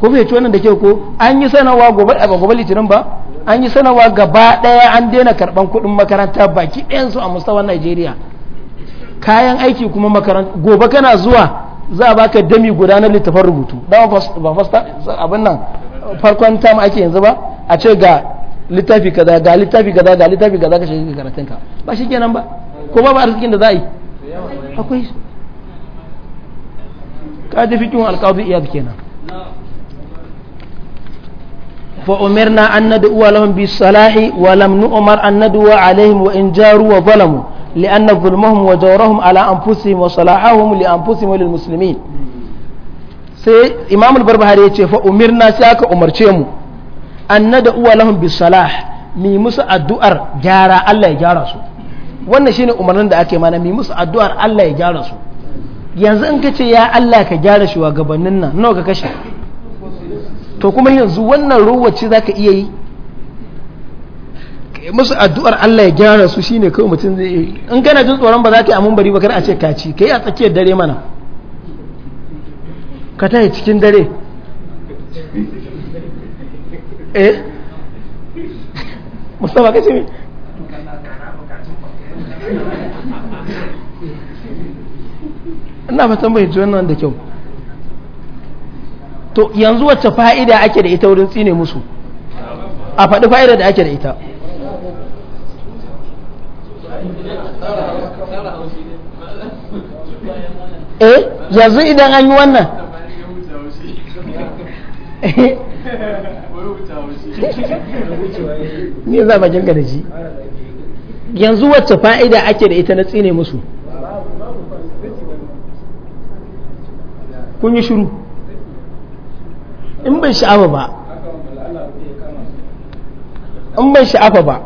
ko bai ci wannan da ke ko an yi sanarwa gobe a gobe litinin ba an yi sanarwa gaba daya an daina karban kuɗin makaranta baki ɗayan su a mustawan Najeriya kayan aiki kuma makaranta gobe kana zuwa za a baka dami guda na littafin rubutu dama ba fasta abin nan farkon tam ake yanzu ba a ce ga littafi kaza ga littafi kaza ga littafi kaza ka shiga karatun ka ba shi kenan ba ko ba ba arzikin da za a yi akwai ka ji fikin alƙawar iya kenan فأمرنا أن ندعو لهم بالصلاح ولم نؤمر أن ندعو عليهم وإن جاروا وظلموا لأن ظلمهم وجورهم على أنفسهم وصلاحهم لأنفسهم وللمسلمين sai imamul barbahari ya ce fa umirna sai aka umarce mu an nada uwa lahum bi salah mi musu addu'ar Allah ya wannan shine umarnin da ake mana mi musu addu'ar Allah ya gyara su yanzu in kace ya Allah ka gyara shugabannin nan nawa ka kashe to kuma yanzu wannan rowace za ka iya yi musu addu'ar Allah ya gyara su shine kawai mutum zai yi in gana jin tsoron ba za ka yi amin bari ba kar a ce kaci ka yi a tsakiyar dare mana ka yi cikin dare eh <laughs> musamman ka ce mi ina fatan bai ji wannan da kyau to yanzu wacce fa'ida ake da ita wurin tsine musu a faɗi fa'ida da ake da ita eh yanzu idan an yi wannan <laughs> ne za bakin da ji. yanzu wacce fa'ida ake da ita na tsine musu kun yi shuru in bai sha'afa ba in bai sha'afa ba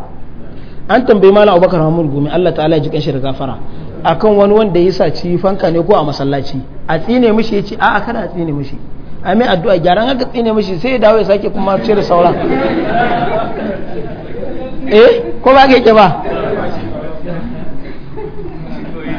an tambayi malam bakar hamul gumi allah ta'ala ya ji kanshi da gafara akan wani wanda ya saci fanka ne ko a masallaci a tsine mishi ya ce a a kada a tsine mishi a mai addu'a gyaran aka tsine mishi sai ya dawo ya sake kuma cire sauran <laughs> eh ko ba ka yake ba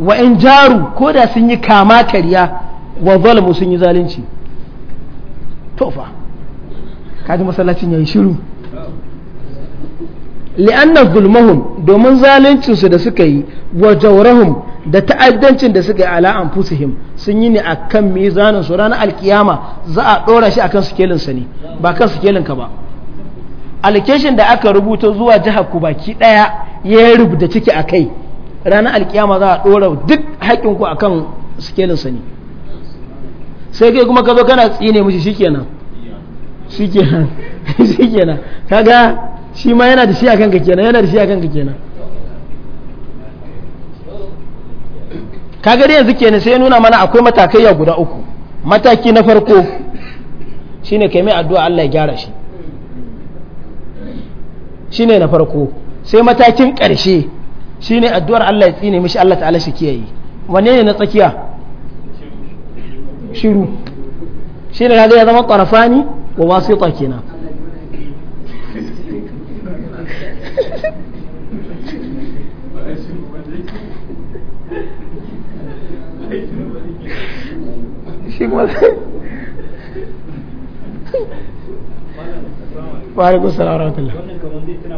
wa in jaru ko da sun yi kama karya wa zalamu sun yi zalunci tofa kaji masallacin yayi shiru li'anna zulmahum domin zaluncinsu da suka yi wa jawrahum da ta'addancin da suka yi ala anfusihim sun yi ne akan mizanin su ranar alkiyama za a dora shi akan sukelin sa ne ba kan sukelin ka ba allocation da aka rubuta zuwa jihar Kubaki baki daya ya rubuta ciki akai ranar alkiyama za a ɗora duk haƙƙinku a kan sikelinsa ne sai kai kuma ka zo kana tsine mishi shikenan shikenan <laughs> shikenan kaga shi ma yana da shi akan ka kenan yana da shi akan Ka kenan kaga yanzu kenan sai ya nuna mana akwai matakai ya guda uku mataki na farko shine kai mai addu'a Allah ya gyara shi shine na farko sai matakin ƙarshe shine addu'ar Allah ya tsine mishi Allah ta'ala shi kiyaye wane ne na tsakiya shiru shine kaga ya zama qarafani wa wasita kenan shi kuma wa alaikum salam wa rahmatullah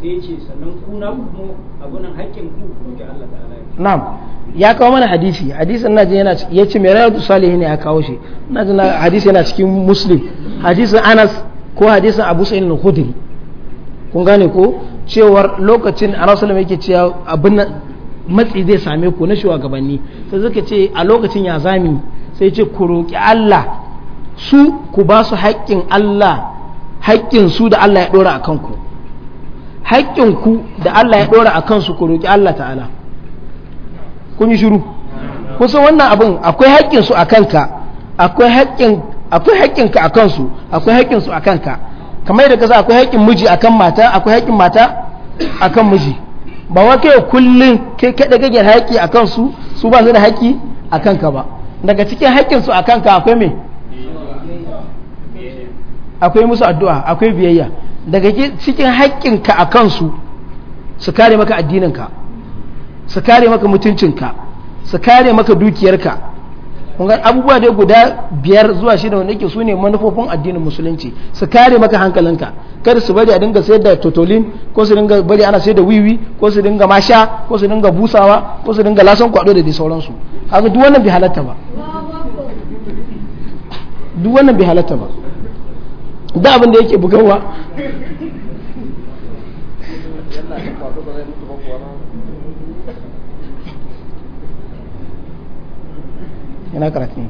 sai ce sannan ku na kuma haƙƙin ku Allah ta'ala na'am ya kawo mana hadisi hadisin na yana ya ce mai rayatu salihi ne ya kawo shi na hadisi yana cikin muslim hadisin anas ko hadisin abu sa'id al hudiri kun gane ko cewar lokacin arasulun yake cewa abin matsi zai same ku na shugabanni sai suka ce a lokacin ya zami sai ce ku roƙi Allah su ku ba su haƙƙin Allah haƙƙin su da Allah ya ɗora a kanku haƙƙinku da Allah ya ɗora a kansu ku roƙi Allah ta'ala kun yi shiru kusa wannan abin akwai haƙƙinsu a kanka akwai haƙƙinka a kansu akwai haƙƙinsu a kanka kamar da kasa akwai haƙƙin miji a kan mata akwai haƙƙin mata a kan miji ba wa kai kullum kai kaɗa gagen haƙƙi a kansu su ba su da haƙƙi a kanka ba daga cikin haƙƙinsu a kanka akwai me akwai musu addu'a akwai biyayya daga cikin haƙƙinka a kansu su kare maka addininka su kare maka mutuncinka su kare maka dukiyarka abubuwa dai guda biyar zuwa shida wanda ke su ne manufofin addinin musulunci su kare maka hankalinka kada su bari a dinga sayar da totolin ko su dinga bari ana sayar da wiwi ko su dinga masha ko su dinga busawa ko su dinga lasan kwado da dai sauransu haka duk wannan bai halatta ba duk wannan bai halatta ba da abin da yake bugawa yana karatun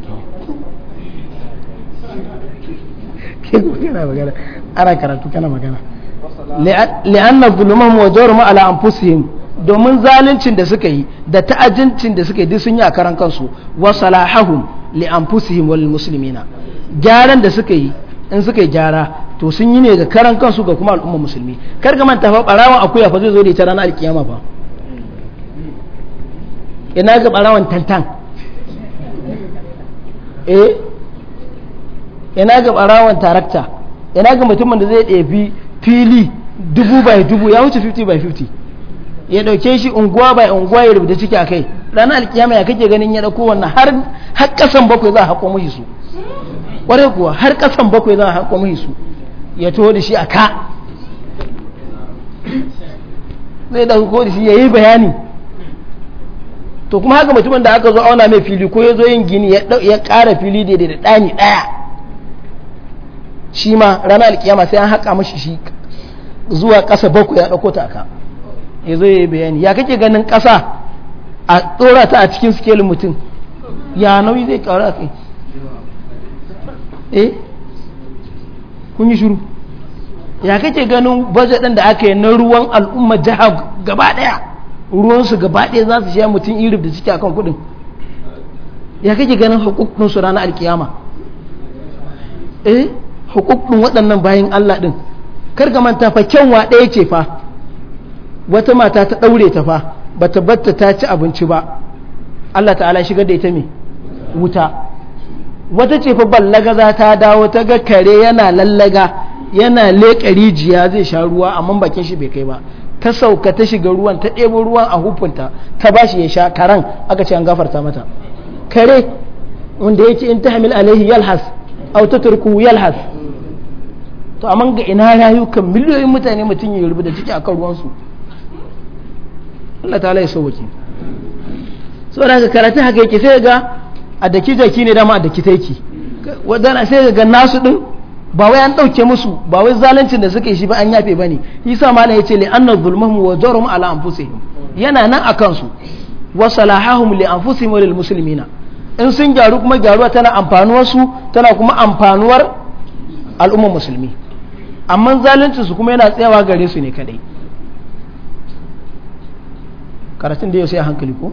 ke ke kana magana ana karatu kana magana li'anna zulumahum wa jawruhum ala anfusihim domin zaluncin da suka yi da ta'ajincin da suka yi duk sun yi a karan kansu wa salahahum li anfusihim wal muslimina gyaran da suka yi in suka yi gyara to sun yi ne ga karan kansu ga kuma al'umma musulmi kar ka manta fa barawan akuya fa zai zo da ita ranar alkiyama ba ina ga barawan tantan eh ina ga barawan tarakta ina ga mutumin da zai ɗebi fili dubu bai dubu ya wuce 50 bai 50 ya ɗauke shi unguwa bai unguwa ya rubuta ciki a kai ranar alkiyama ya kake ganin ya ɗauko wannan har har ƙasan bakwai za a haƙo mashi su kwarai kuwa har kasan bakwai za a haƙo mai su ya taho da shi a ka zai ko da shi ya yi bayani to kuma haka mutumin da aka zo auna mai fili ko ya zo yin gini ya ƙara fili daidai da ɗani ɗaya shi ma ranar alkiyama sai an haƙa mashi shi zuwa ƙasa bakwai ya ɗauko ta ka ya zo ya yi bayani ya kake ganin ƙasa a ɗora ta a cikin sikelin mutum ya nauyi zai ƙaura kai eh kun yi shiru ya kake ganin budget ɗin da aka yi na ruwan al'umma jiha gaba ruwan ruwansu gaba daya za su sha mutum irin da suke akan kuɗi ya kake ganin hukukunsu ranar alkiyama eh hukukun waɗannan bayan Allah ɗin ka manta fa kyanwa ɗaya ce fa wata mata ta ɗaure ta fa bata ta batta ta ci abinci ba Allah ta'ala shigar da ita me wuta wata ce fa ballaga za ta dawo ta ga kare yana lallaga yana leƙari jiya zai sha ruwa amma bakin shi bai kai ba ta sauka ta shiga ruwan ta ɗebo ruwan a hufunta ta ba shi ya sha karan aka ce an gafarta mata kare wanda yake in ta hamil alaihi yalhas au ta turku yalhas to amma ga ina rayukan miliyoyin mutane mutum ya rubuta ciki akan ruwansu Allah ta ya sauwake saboda haka karatu haka yake sai ga a daki jaki ne dama a daki taiki wadana sai ga nasu din ba wai an dauke musu ba wai zaluncin da suka yi shi ba an yafe bane yasa malai yace li anna zulmuhum wa jarum ala anfusihim yana nan akan su wa salahahum li anfusihim wa lil muslimina in sun gyaru kuma gyaruwa tana amfanuwar su tana kuma amfanuwar al'ummar musulmi amma zaluncin su kuma yana tsayawa gare su ne kadai karatun da yau sai a hankali ko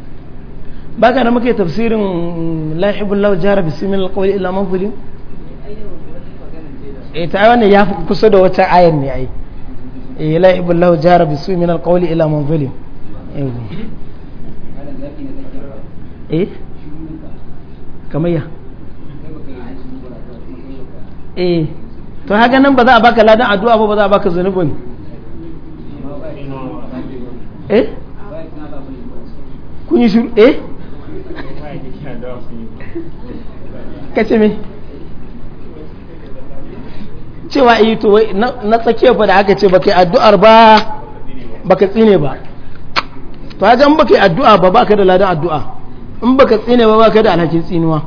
ba ka da muke tafsirin lahibun lau jara bismillah alqawli illa man e eh, ta wannan ya fi kusa da wata ayar ne ai e eh, lahibun lau jara bismillah alqawli illa man e eh kamar ya e to haka nan ba za a baka ladan addu'a ba ba za a baka zunubin eh kun yi shiru eh ka ce me cewa yi eh to na tsakiyar ba da aka ce baka addu'ar ba baka tsine ba to haka in baka addu'a ba baka da ladan addu'a in baka tsine ba baka da alhakin tsinuwa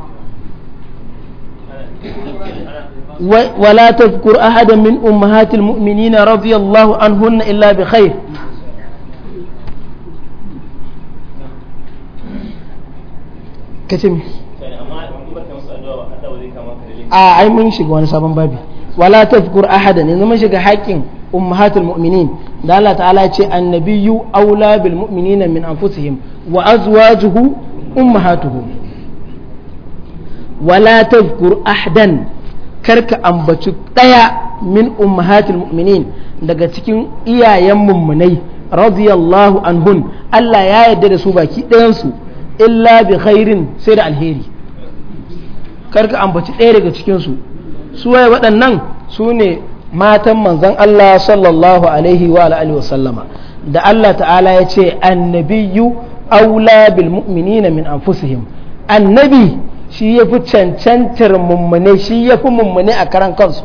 wala tazkur ahadan min ummahatil mu'minina radiyallahu anhunna illa bi khair ka ce a ai mun shiga wani sabon babi wala tafkur ahadan yanzu mun shiga haƙƙin ummahatul mu'minin da Allah ta'ala ce annabiyyu aula bil mu'minina min anfusihim wa azwajuhu ummahatuhum wala tafkur ahadan karka ambaci daya min ummahatul mu'minin daga cikin iyayen mummunai radiyallahu anhun Allah ya yarda da su baki ɗayansu illa bi khairin sai da alheri karka ambaci ɗaya daga cikinsu su waye waɗannan su ne matan manzan Allah sallallahu alaihi wa alihi wasallama da Allah ta'ala ya ce annabiyu aula bil mu'minina min anfusihim annabi shi ya fi cancantar mummune shi ya fi mummune a karan kansu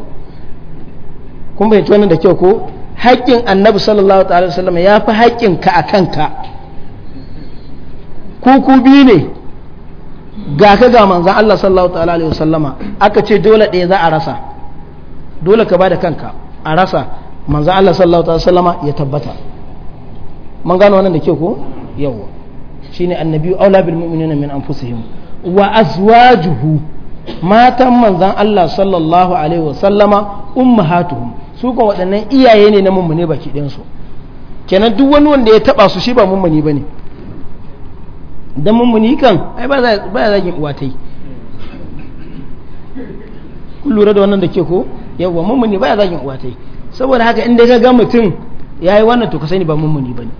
kun bai wannan da kyau ko haƙƙin annabi sallallahu alaihi wa sallama ya fi haƙƙin ka a kanka kuku biyu ne ga ka ga manzan Allah sallallahu ta'ala alaihi wasallama aka ce dole ɗaya za a rasa dole ka ba da kanka a rasa manzan Allah sallallahu ta'ala sallama ya tabbata man gano wannan da ke ko yawa shine annabi aula bil mu'minina min anfusihim wa azwajuhu matan manzan Allah sallallahu alaihi wasallama ummahatuhum su kan waɗannan iyaye ne na mummune baki ɗinsu kenan duk wani wanda ya taba su shi ba mummuni bane ne dan mummuni kan ai ba ya zagin uwa yi kun lura da wannan da ke ko yawwa mummuni ba ya zagin uwa ta saboda haka inda ka ga mutum ya yi wannan to ka sani ba mummuni ba ne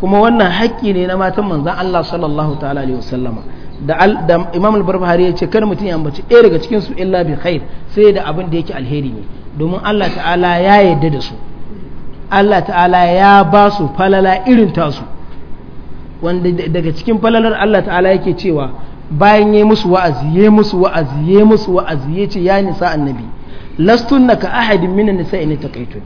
kuma wannan haƙƙi ne na matan manzan Allah sallallahu ta'ala alaihi wasallama da imam al-barbahari ya ce kar mutum ya ambaci ɗaya daga cikin su illa bi khair sai da abin da yake alheri ne domin Allah ta'ala ya yarda da su Allah ta'ala ya ba su falala irin tasu wanda daga cikin falalar Allah ta'ala yake cewa bayan yayi musu wa'azi yayi musu wa'azi yayi musu wa'azi yace ya nisa annabi lastunna ka ahadin minan nisa'i ne taqaitun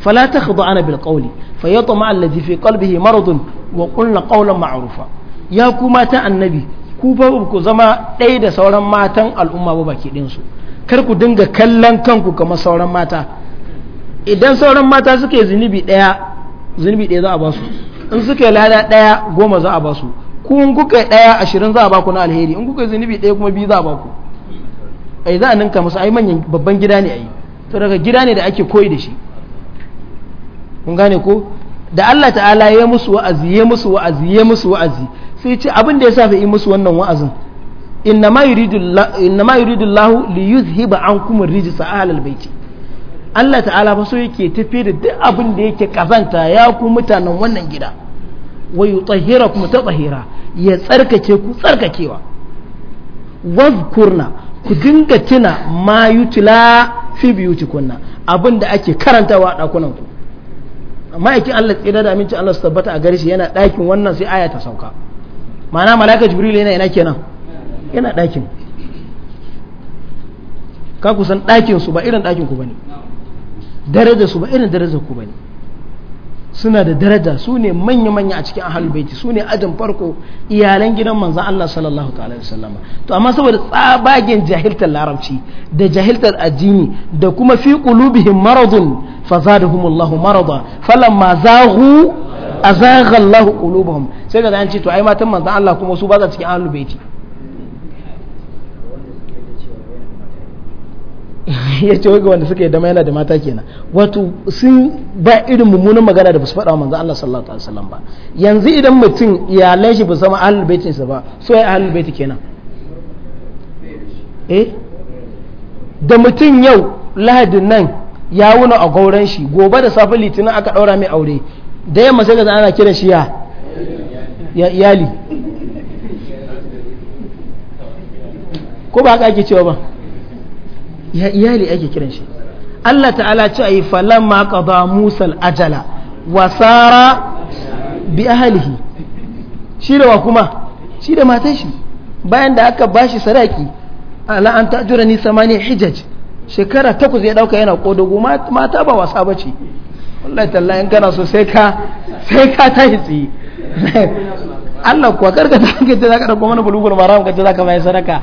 fala takhda'ana bil qawli fayatma alladhi fi qalbihi maradun wa qulna qawlan ma'rufa ya ku mata annabi ku fa ku zama ɗaya da sauran matan al'umma ba baki ɗinsu kar ku dinga kallon kanku kamar sauran mata idan sauran mata suke zunubi ɗaya zunubi ɗaya za a ba su in suka yi lada ɗaya goma za a ba su ku in kuka daya ɗaya ashirin za a ba ku na alheri in kuka yi zunubi ɗaya kuma biyu za a ba ku ai za a ninka musu ai manyan babban gida ne ai to daga gida ne da ake koyi da shi kun gane ko da Allah ta'ala ya musu wa'azi ya musu wa'azi ya musu wa'azi sai ce abin da ya safa yi musu wannan wa'azin innama yuridu Allah li yuzhiba ankum rijsa ahlal baiti Allah ta'ala fa so yake tafi da duk abin da yake kazanta ya ku mutanen wannan gida wa yutahhira kuma tatahira ya tsarkake ku tsarkakewa wazkurna ku dinga tuna ma yutila fi biyutikunna abin da ake karantawa a dakunan ku yake Allah tsira da aminci Allah su tabbata a gare shi yana ɗakin wannan sai aya ta sauka ma'ana malaka jibril yana yana kenan yana ɗakin ka kusan ɗakin su ba irin ɗakin ku bane daraja su ba irin daraja ku bane suna da daraja su ne manya-manya a cikin ahalul baiti su ne ajin farko iyalan gidan manzan Allah sallallahu ta'ala sallama to amma saboda tsabagen jahiltar larabci da jahiltar addini da kuma fi qulubihim maradun fazadahumullahu marada falamma zaghu azagha qulubuhum sai ga an ce to ai matan manzan Allah kuma su ba za cikin ahalul baiti <laughs> ya ce wake wanda suka yi dama yana da mata kenan wato sun ba irin mummunan magana da ba su faɗa manzo Allah sallallahu alaihi wasallam ba yanzu idan mutum iyalan shi ba zama ahlul baitin sa ba so ya ahlul baiti kenan eh da mutum yau lahadin nan ya wuna a gauran shi gobe da safin litinin aka daura mai aure da yamma sai ga ana kiran shi ya ya iyali ko ba haka ake cewa ba ya iyali ake kiran shi Allah ta'ala ce ayi falamma qada Musa ajala wa sara bi ahlihi shi da wa kuma shi da matan shi bayan da aka bashi sadaki ala an ta'jura ni samani hijaj shekara takwas ya dauka yana kodogo mata ba wasa ba bace wallahi tallahi in kana so sai ka sai ka ta yi tsiye <laughs> Allah kuwa karka ta hankali za ka ɗauko mana bulugul maram ka ce za ka bayan sadaka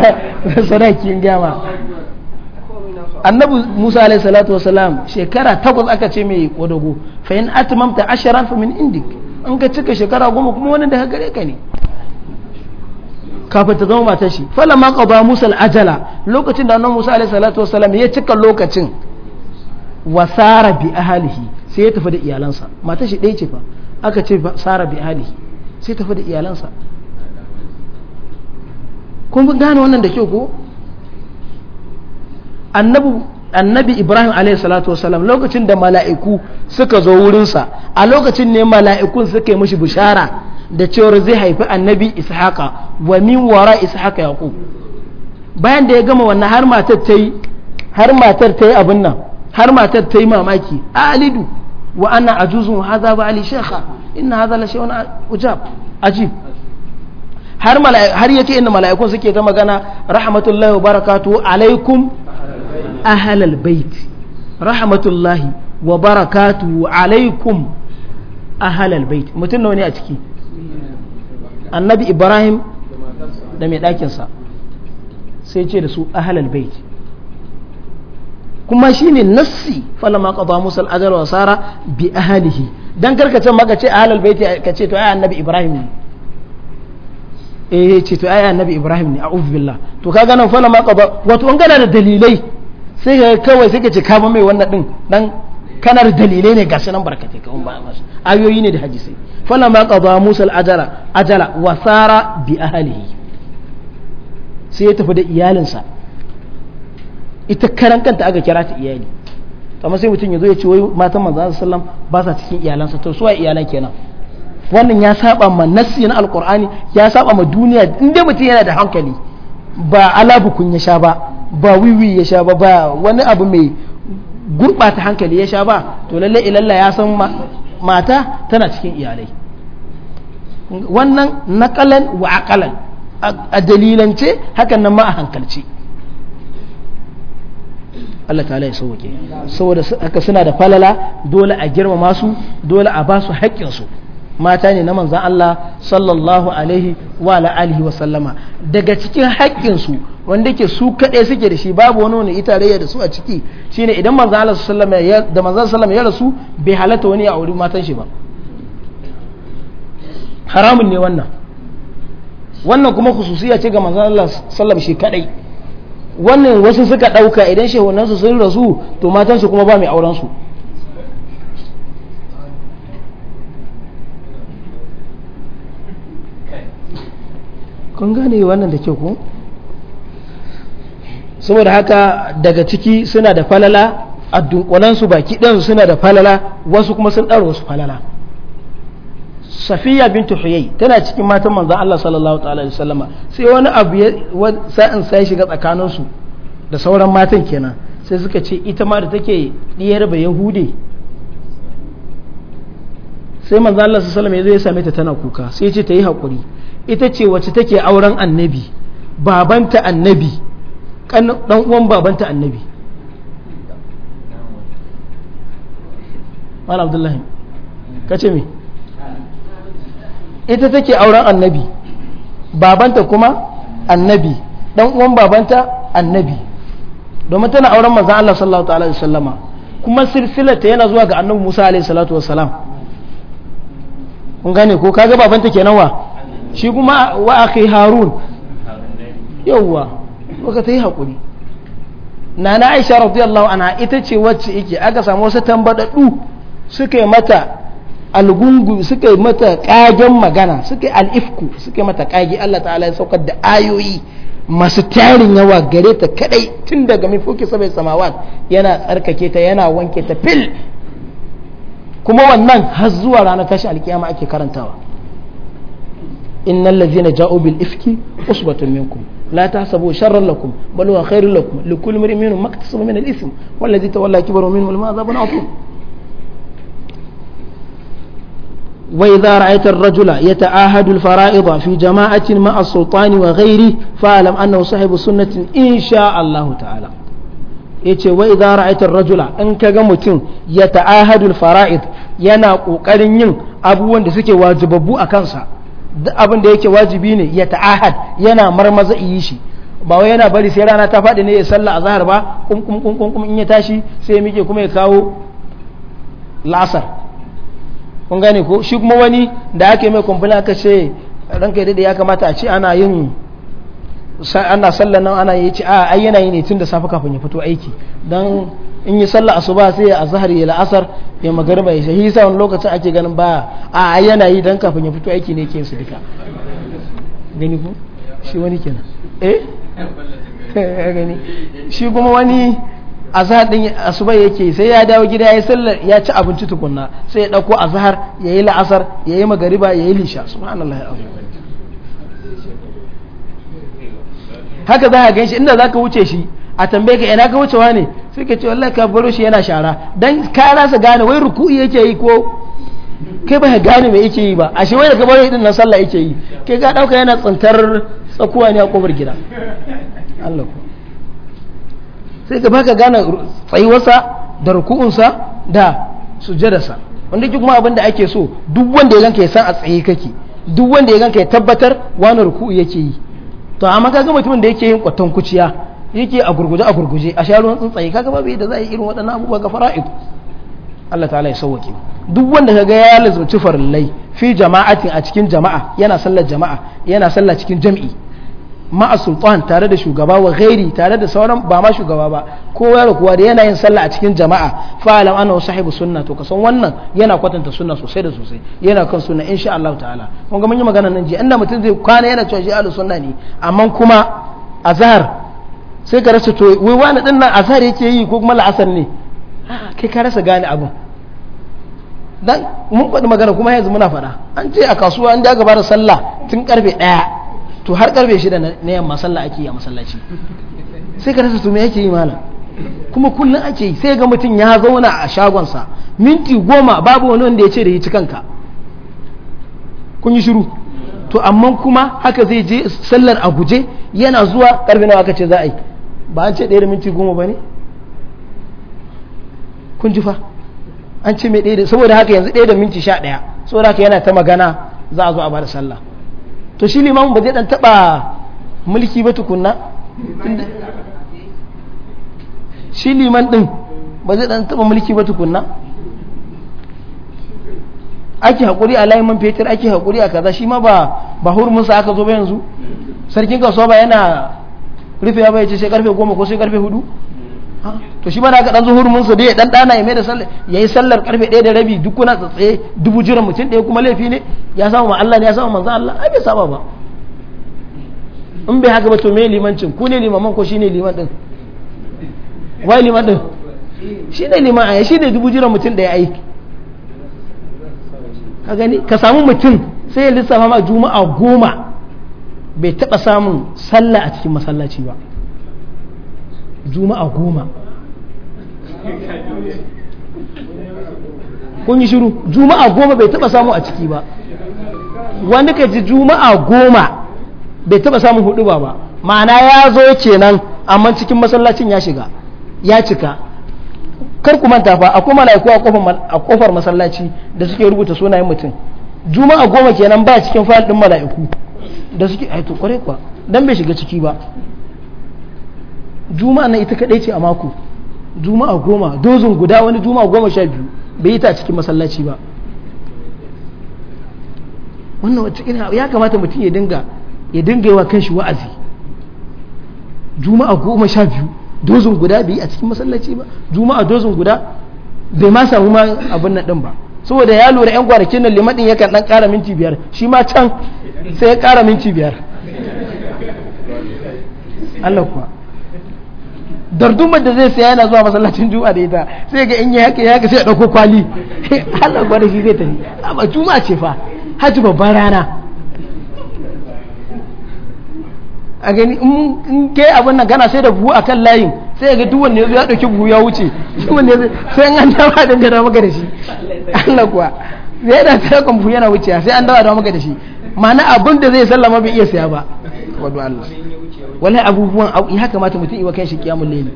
<laughs> sadakin gama annabi musa alayhi salatu wasalam shekara takwas aka ce mai kodago fa in atmamta asharan fa min indik in ka cika shekara goma kuma wannan da gare ka ne kafin ta zama mata shi fala ma qada musa al-ajala lokacin da annabi musa alayhi salatu wasalam ya cika lokacin wasara bi ahlihi sai ya tafi da iyalansa mata shi ɗaya ce fa aka ce sara bi ahlihi sai tafi da iyalansa kun gane wannan da kyau ko annabi ibrahim alayhi salatu wasalam lokacin da mala'iku suka zo wurinsa a lokacin ne mala'ikun suka yi mashi bishara da cewar zai haifi annabi ishaqa wa min wara ishaqa yaqub bayan da ya gama wannan har matar ta yi har matar ta yi abin nan har matar ta yi mamaki alidu wa ana ajuzun hadha ba ali shekha inna hadha la shay'un ujab ajib har har yace inda mala'ikun suke ta magana rahmatullahi wa barakatuhu alaikum ahalal baiti rahmatullahi wa barakatuhu alaikum ahalal baiti mutum nawa ne a ciki annabi ibrahim da mai ɗakinsa sai ce da su ahalal baiti kuma nassi falama qada musa al wa sara bi ahlihi dan karkace maka ce ahlul baiti ce to ai annabi ibrahim ne eh ce to ai annabi ibrahim ne a billah to kaga nan falama qada wato an gana da dalilai sai ka kawai sai ka ce kama mai wannan din ɗan kanar dalilai ne gashi nan barkatai kawai ba masu ayoyi ne da sai fala ma qada musa al-ajala ajala wa sara bi ahlihi sai ya tafi da iyalinsa ita karan kanta aka kira ta iyali amma sai mutum ya zo ya ce wai matan manzo sallam ba sa cikin iyalansa to suwa iyalan kenan wannan ya saba ma nassi na alqur'ani ya saba ma duniya inda mutum yana da hankali ba alabu kun ya sha ba ba wiwi ya sha ba ba wani abu mai gurɓata hankali ya sha ba to lalle ilalla ya san mata tana cikin iyalai wannan nakalan wa akalan a dalilance hakan nan ma a hankalce Allah ta'ala ya sauwake saboda haka suna da falala dole a girmama su dole a ba su haƙƙinsu mata ne na manzan Allah sallallahu alaihi wa alihi wa sallama daga cikin haƙƙinsu wanda ke su kaɗai suke da shi babu wani wani itarayya da su a ciki shine idan manzan Allah sallama da manzan sallama ya rasu bai halatta wani ya auri matan shi ba haramun ne wannan wannan kuma khususiya ce ga manzan Allah sallam shi kaɗai wannan wasu suka ɗauka idan shehunansu sun rasu to matansu kuma ba mai aurensu kun gane wannan da kyau ko saboda haka daga ciki suna da falala a dunkulansu baki ɗansu suna da falala wasu kuma sun ɗaro wasu falala safiya bintu huyai tana cikin matan manzan Allah sallallahu ta'ala sallama sai wani abu ya sa'in sai shiga tsakaninsu da sauran matan kenan sai suka ce ita ma da take ɗiyar ba yahude sai manzan Allah sallallahu ya zai same ta tana kuka sai ce ta yi haƙuri ita ce wacce take auren annabi babanta annabi dan uwan babanta annabi Malam Abdullahi ka ce me ita take auren annabi babanta kuma annabi dan uwan babanta annabi domin tana auren manzon Allah sallallahu ta'ala alaihi wasallama kuma silsilata yana zuwa ga annabi Musa alaihi salatu wassalam kun gane ko kaga babanta kenan wa shi kuma wa yi harun yawwa baka ta yi haƙuri nana aisha radiyallahu ana ita ce wacce ike aka samu wasu tambaɗaɗu suka yi mata algungu suka yi mata kagen magana suka yi al'ifku suka yi mata kage Allah ta'ala ya saukar da ayoyi masu tarin yawa gare ta kadai tun daga fuki sabai samawat yana tsarkake ta yana wanke ta fil kuma wannan har zuwa ranar tashi alkiyama ake karantawa innal ladzina ja'u bil ifki usbatun minkum la tahsabu sharran lakum bal huwa khairul lakum likulli imrin minhum maktasaba min al ithm wal ladzi tawalla kibaru minhum lahu وإذا رأيت الرجل يتعاهد الفرائض في جماعة مع السلطان وغيره فاعلم أنه صاحب سنة إن شاء الله تعالى yace wa idza ra'aita rajula in kaga mutum ya ta'ahadul fara'id yana kokarin yin abubuwan da suke wajibabbu a kansa duk abin da yake wajibi ne ya ta'ahad yana marmaza yi shi ba wai yana bari sai rana ta faɗi ne ya salla a zahar ba kum kum kum kum in ya tashi sai ya mike kuma ya kawo lasar kun gane ko shi kuma wani da ake mai kumfula aka ce ranka yadda daɗe ya kamata a ce ana yin ana sallan nan ana yi ci a ai yana yi ne tun da safe kafin ya fito aiki don in yi sallah asuba sai ya zahar ya la'asar ya magariba ya shahi sa wani lokacin ake ganin ba a yana yi dan kafin ya fito aiki ne ke su duka gani ko shi wani kenan eh <laughs> gani shi kuma wani azhar din asuba yake sai ya dawo gida ya sallar ya ci abinci tukunna sai ya dauko azhar ya yi la'asar ya yi magariba ya yi lisha subhanallahi alazim haka za ka gan shi inda za ka wuce shi a tambaye ka ina ka wucewa ne sai ka ce wallahi ka baro shi yana shara dan ka rasa gane wai ruku'i yake yi ko kai ba gane me yake yi ba a shi wai da ka baro din nan sallah yake yi kai ka dauka yana tsantar tsakuwa ne a kofar gida Allah ku sai ka baka gane tsayuwarsa da ruku'unsa da sujjadarsa wanda kuma abin da ake so duk wanda ya ganka ya san a tsaye kake duk wanda ya ganka ya tabbatar wani ruku'u yake yi to amma ga mutumin da yake yin kwatankuciya kuciya yake a gurguje a gurguje a sha ruwan tsuntsaye kaga babu yadda za a yi irin waɗannan abubuwa ga fara'id Allah ta'ala ya sauwake duk wanda kaga ya lazumci farillai fi jama'atin a cikin jama'a yana sallar jama'a yana sallar cikin jam'i ma'a sultan tare da shugaba wa ghairi tare da sauran ba ma shugaba ba ko da kuwa da yana yin sallah a cikin jama'a fa'alam annahu sahibu sunna to kasan wannan yana kwatanta sunna sosai da sosai yana kan sunna insha Allah ta'ala kun ga mun yi magana nan ji inda mutum zai kwana yana cewa shi ahlus sunna ne amma kuma azhar sai ka rasa to wai wani din nan asar yake yi ko kuma la'asar ne kai ka rasa gane abin dan mun faɗi magana kuma yanzu muna faɗa an ce a kasuwa an daga bara sallah tun karfe ɗaya to har karfe shida na yamma sallah ake yi a masallaci sai ka rasa to me yake yi malam kuma kullum ake yi sai ga mutum ya zauna a shagonsa minti goma babu wani wanda ya ce da ci kanka kun yi shiru to amma kuma haka zai je sallar a guje yana zuwa karfe nawa aka ce za a yi ba an ce ɗaya da minti goma ba ne kun ji fa an ce mai ɗaya da saboda haka yanzu ɗaya da minti sha ɗaya saboda haka yana ta magana za a zo a bada sallah to shi limamu ba zai ɗan taɓa mulki ba tukunna shi liman ɗin ba zai ɗan taɓa mulki ba tukunna ake haƙuri a layin man fetur ake haƙuri a kaza shi ma ba ba hurmunsa aka zo ba yanzu sarkin kasuwa ba yana rufe ya ce sai karfe goma ko sai karfe hudu to shi mana ka dan zuhur mun su dai dan dana ya mai da sallar yayi sallar karfe 1 da rabi duk kuna tsatsaye dubu jiran mutum ɗaya kuma laifi ne ya samu ma Allah ne ya samu manzo Allah ai bai saba ba in bai haka ba to me limancin ku ne limaman ko shine liman din wai liman din shine liman ai shine dubu jiran mutum ɗaya ai ka gani ka samu mutum sai ya lissafa ma juma'a goma bai taɓa samun sallah a cikin masallaci ba juma'a goma kun yi shiru juma'a goma bai taɓa samu a ciki ba wanda ka ji juma'a goma bai taɓa samun hudu ba ba ma'ana ya zo kenan amma cikin masallacin ya shiga ya cika kar ku manta fa akwai mala'iku a kofar masallaci da suke rubuta sunayen mutum juma'a goma kenan ba cikin fayil din mala'iku da suke aito kwarai kuwa don bai shiga ciki ba juma'a na ita kadai ce a mako juma'a goma dozin guda wani juma'a goma sha biyu bai yi ta cikin masallaci ba wannan wacce ina ya kamata mutum ya dinga ya dinga yi wa kanshi wa'azi juma'a goma sha biyu dozin guda bai yi a cikin masallaci ba juma'a dozin guda bai ma samu ma abin nan din ba saboda ya lura yan kwanakin nan limadin yakan dan kara minti biyar shi ma can sai ya kara minti biyar Allah kuwa dardumar da zai saya yana zuwa masallacin juma da ita sai ga in ya haka ya haka sai ya dauko kwali <laughs> Allah kuwa da shi zai tafi amma juma ce fa hajji babban rana a gani in kai abin nan gana sai da buhu akan layin sai ga duk wanda yazo ya dauki buhu ya wuce duk wanda sai an dawo da dara maka da shi Allah kuwa sai da sai kan buhu yana wuce sai an dawo da maka da shi ma'ana abin da zai sallama bai iya saya ba wadu Allah wallahi abubuwan ya kamata mutum yi wa kanshi kiyamul layli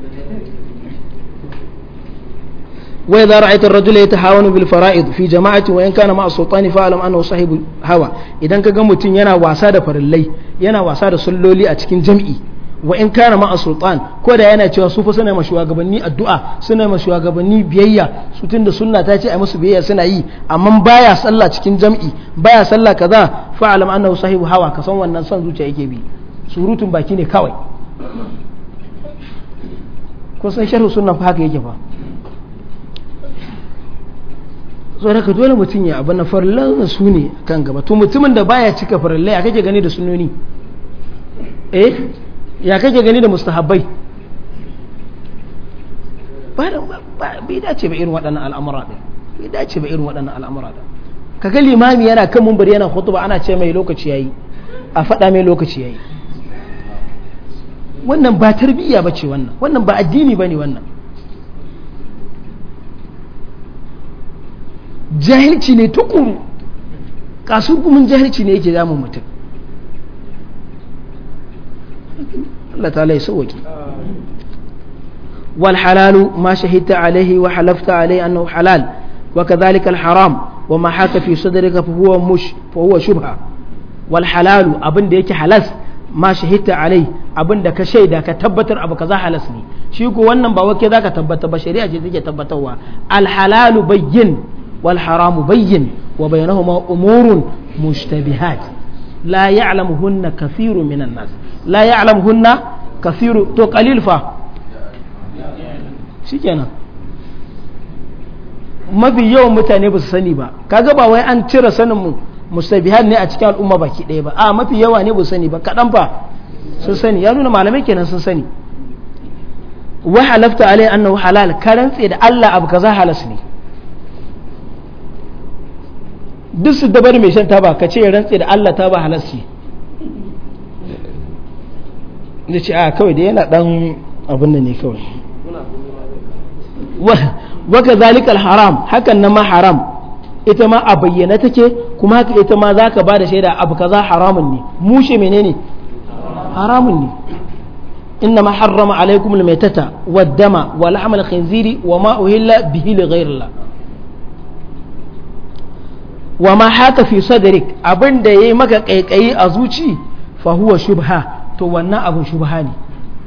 وإذا رأيت الرجل يتهاون بالفرائض في جماعة وإن كان مع السلطان فاعلم أنه صاحب هوى إذا كان متين ينا واسا da farillai yana wasa da salloli a cikin jam'i wa in kana ma'a sultan ko da yana cewa su fa suna ma shugabanni addu'a suna ma shugabanni biyayya su tunda sunna ta ce a musu biyayya suna yi amma baya sallah cikin jam'i baya sallah kaza fa alam annahu sahibu hawa ka san wannan son zuciya yake bi surutun baki ne kawai ko san sharhu sunna fa haka yake fa so daga dole mutum ya abana na su ne kan gaba to mutumin da baya cika farlai a kake gani da sunnoni eh ya kake gani da mustahabbai bai dace ba irin waɗannan al'amura ɗin bai dace ba irin waɗannan al'amura ɗin ga limami yana kan mumbari yana khutba ana ce mai lokaci yayi a faɗa mai lokaci yayi wannan ba tarbiyya ba ce wannan wannan ba addini ba ne wannan jahilci ne tukuru kasurgumin jahilci ne yake damun mutum Allah ta lai sauwaki wal halalu ma shahita alaihi wa halafta alaihi annahu halal wa kadhalika al haram wa ma haka fi sadrika fa huwa mush fa huwa shubha wal halalu abin yake halas ma shahita alai abinda ka shaida ka tabbatar abu kaza halas ne shi ko wannan ba wake zaka tabbata ba shari'a ce take tabbatarwa al halalu bayyin wal haramu bayyin wa bainahuma umurun mushtabihat la ya'lamuhunna kathiru minan nas la ya'lamuhunna kathiru to qalil fa shikenan mafi yawan mutane ba su sani ba kaga ba wai an cire sanin mustabihat ne a cikin al'umma baki ɗaya ba a mafi yawa ne ba su sani ba kaɗan fa sun sani ya nuna malamai kenan sun sani wa halafta alai annahu halal karantse da Allah abu kaza halas ne duk su dabar mai shan taba ka ce ya da Allah taba halasci da ce a kawai da yana dan abin ne kawai waka zalikal haram hakan na ma haram ita ma a bayyana take kuma haka ita ma za ka ba da shaida abu kaza haramun ne mushe menene haramun ne إنما حرم dama الميتة والدم ولحم wa وما أهل به لغير الله wa ma haka fi sadrik abin da yayi maka kaikayi a zuci fa huwa shubha to wannan abu shubha ne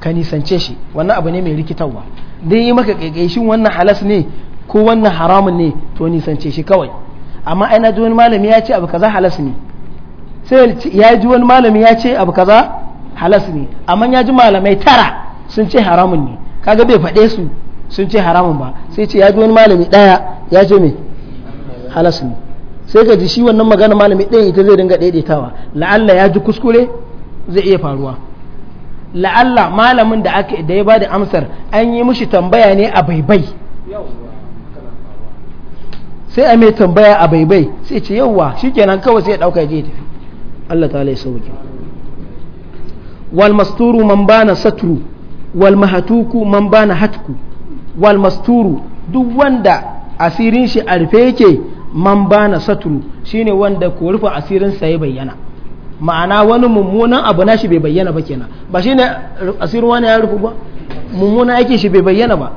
ka nisance shi wannan abu ne mai rikitarwa dan yi maka kaikayi shin wannan halas ne ko wannan haramun ne to nisance shi kawai amma ai ji wani malami ya ce abu kaza halas ne sai ya ji wani malami ya ce abu kaza halas ne amma ya ji malamai tara sun ce haramun ne kaga bai faɗe su sun ce haramun ba sai ce ya ji wani malami ɗaya ya ce me halas ne sai ka ji shi wannan magana malami ɗaya ita zai dinga daidaitawa la'alla ya ji kuskure zai iya faruwa la'alla malamin da aka da ya bada amsar an yi mishi tambaya ne a baibai sai a mai tambaya a baibai sai ce yauwa shikenan kawai sai ya dauka je tafi Allah ta'ala ya sauke wal masturu man bana satru wal mahatuku man bana hatku wal masturu duk wanda asirin shi a rufe yake man bana saturu shine wanda ko rufe asirin sa ya bayyana ma'ana wani mummunan abu na shi bai bayyana ba kenan ba shine asirin wani ya rufe ba mummunan aiki shi bai bayyana ba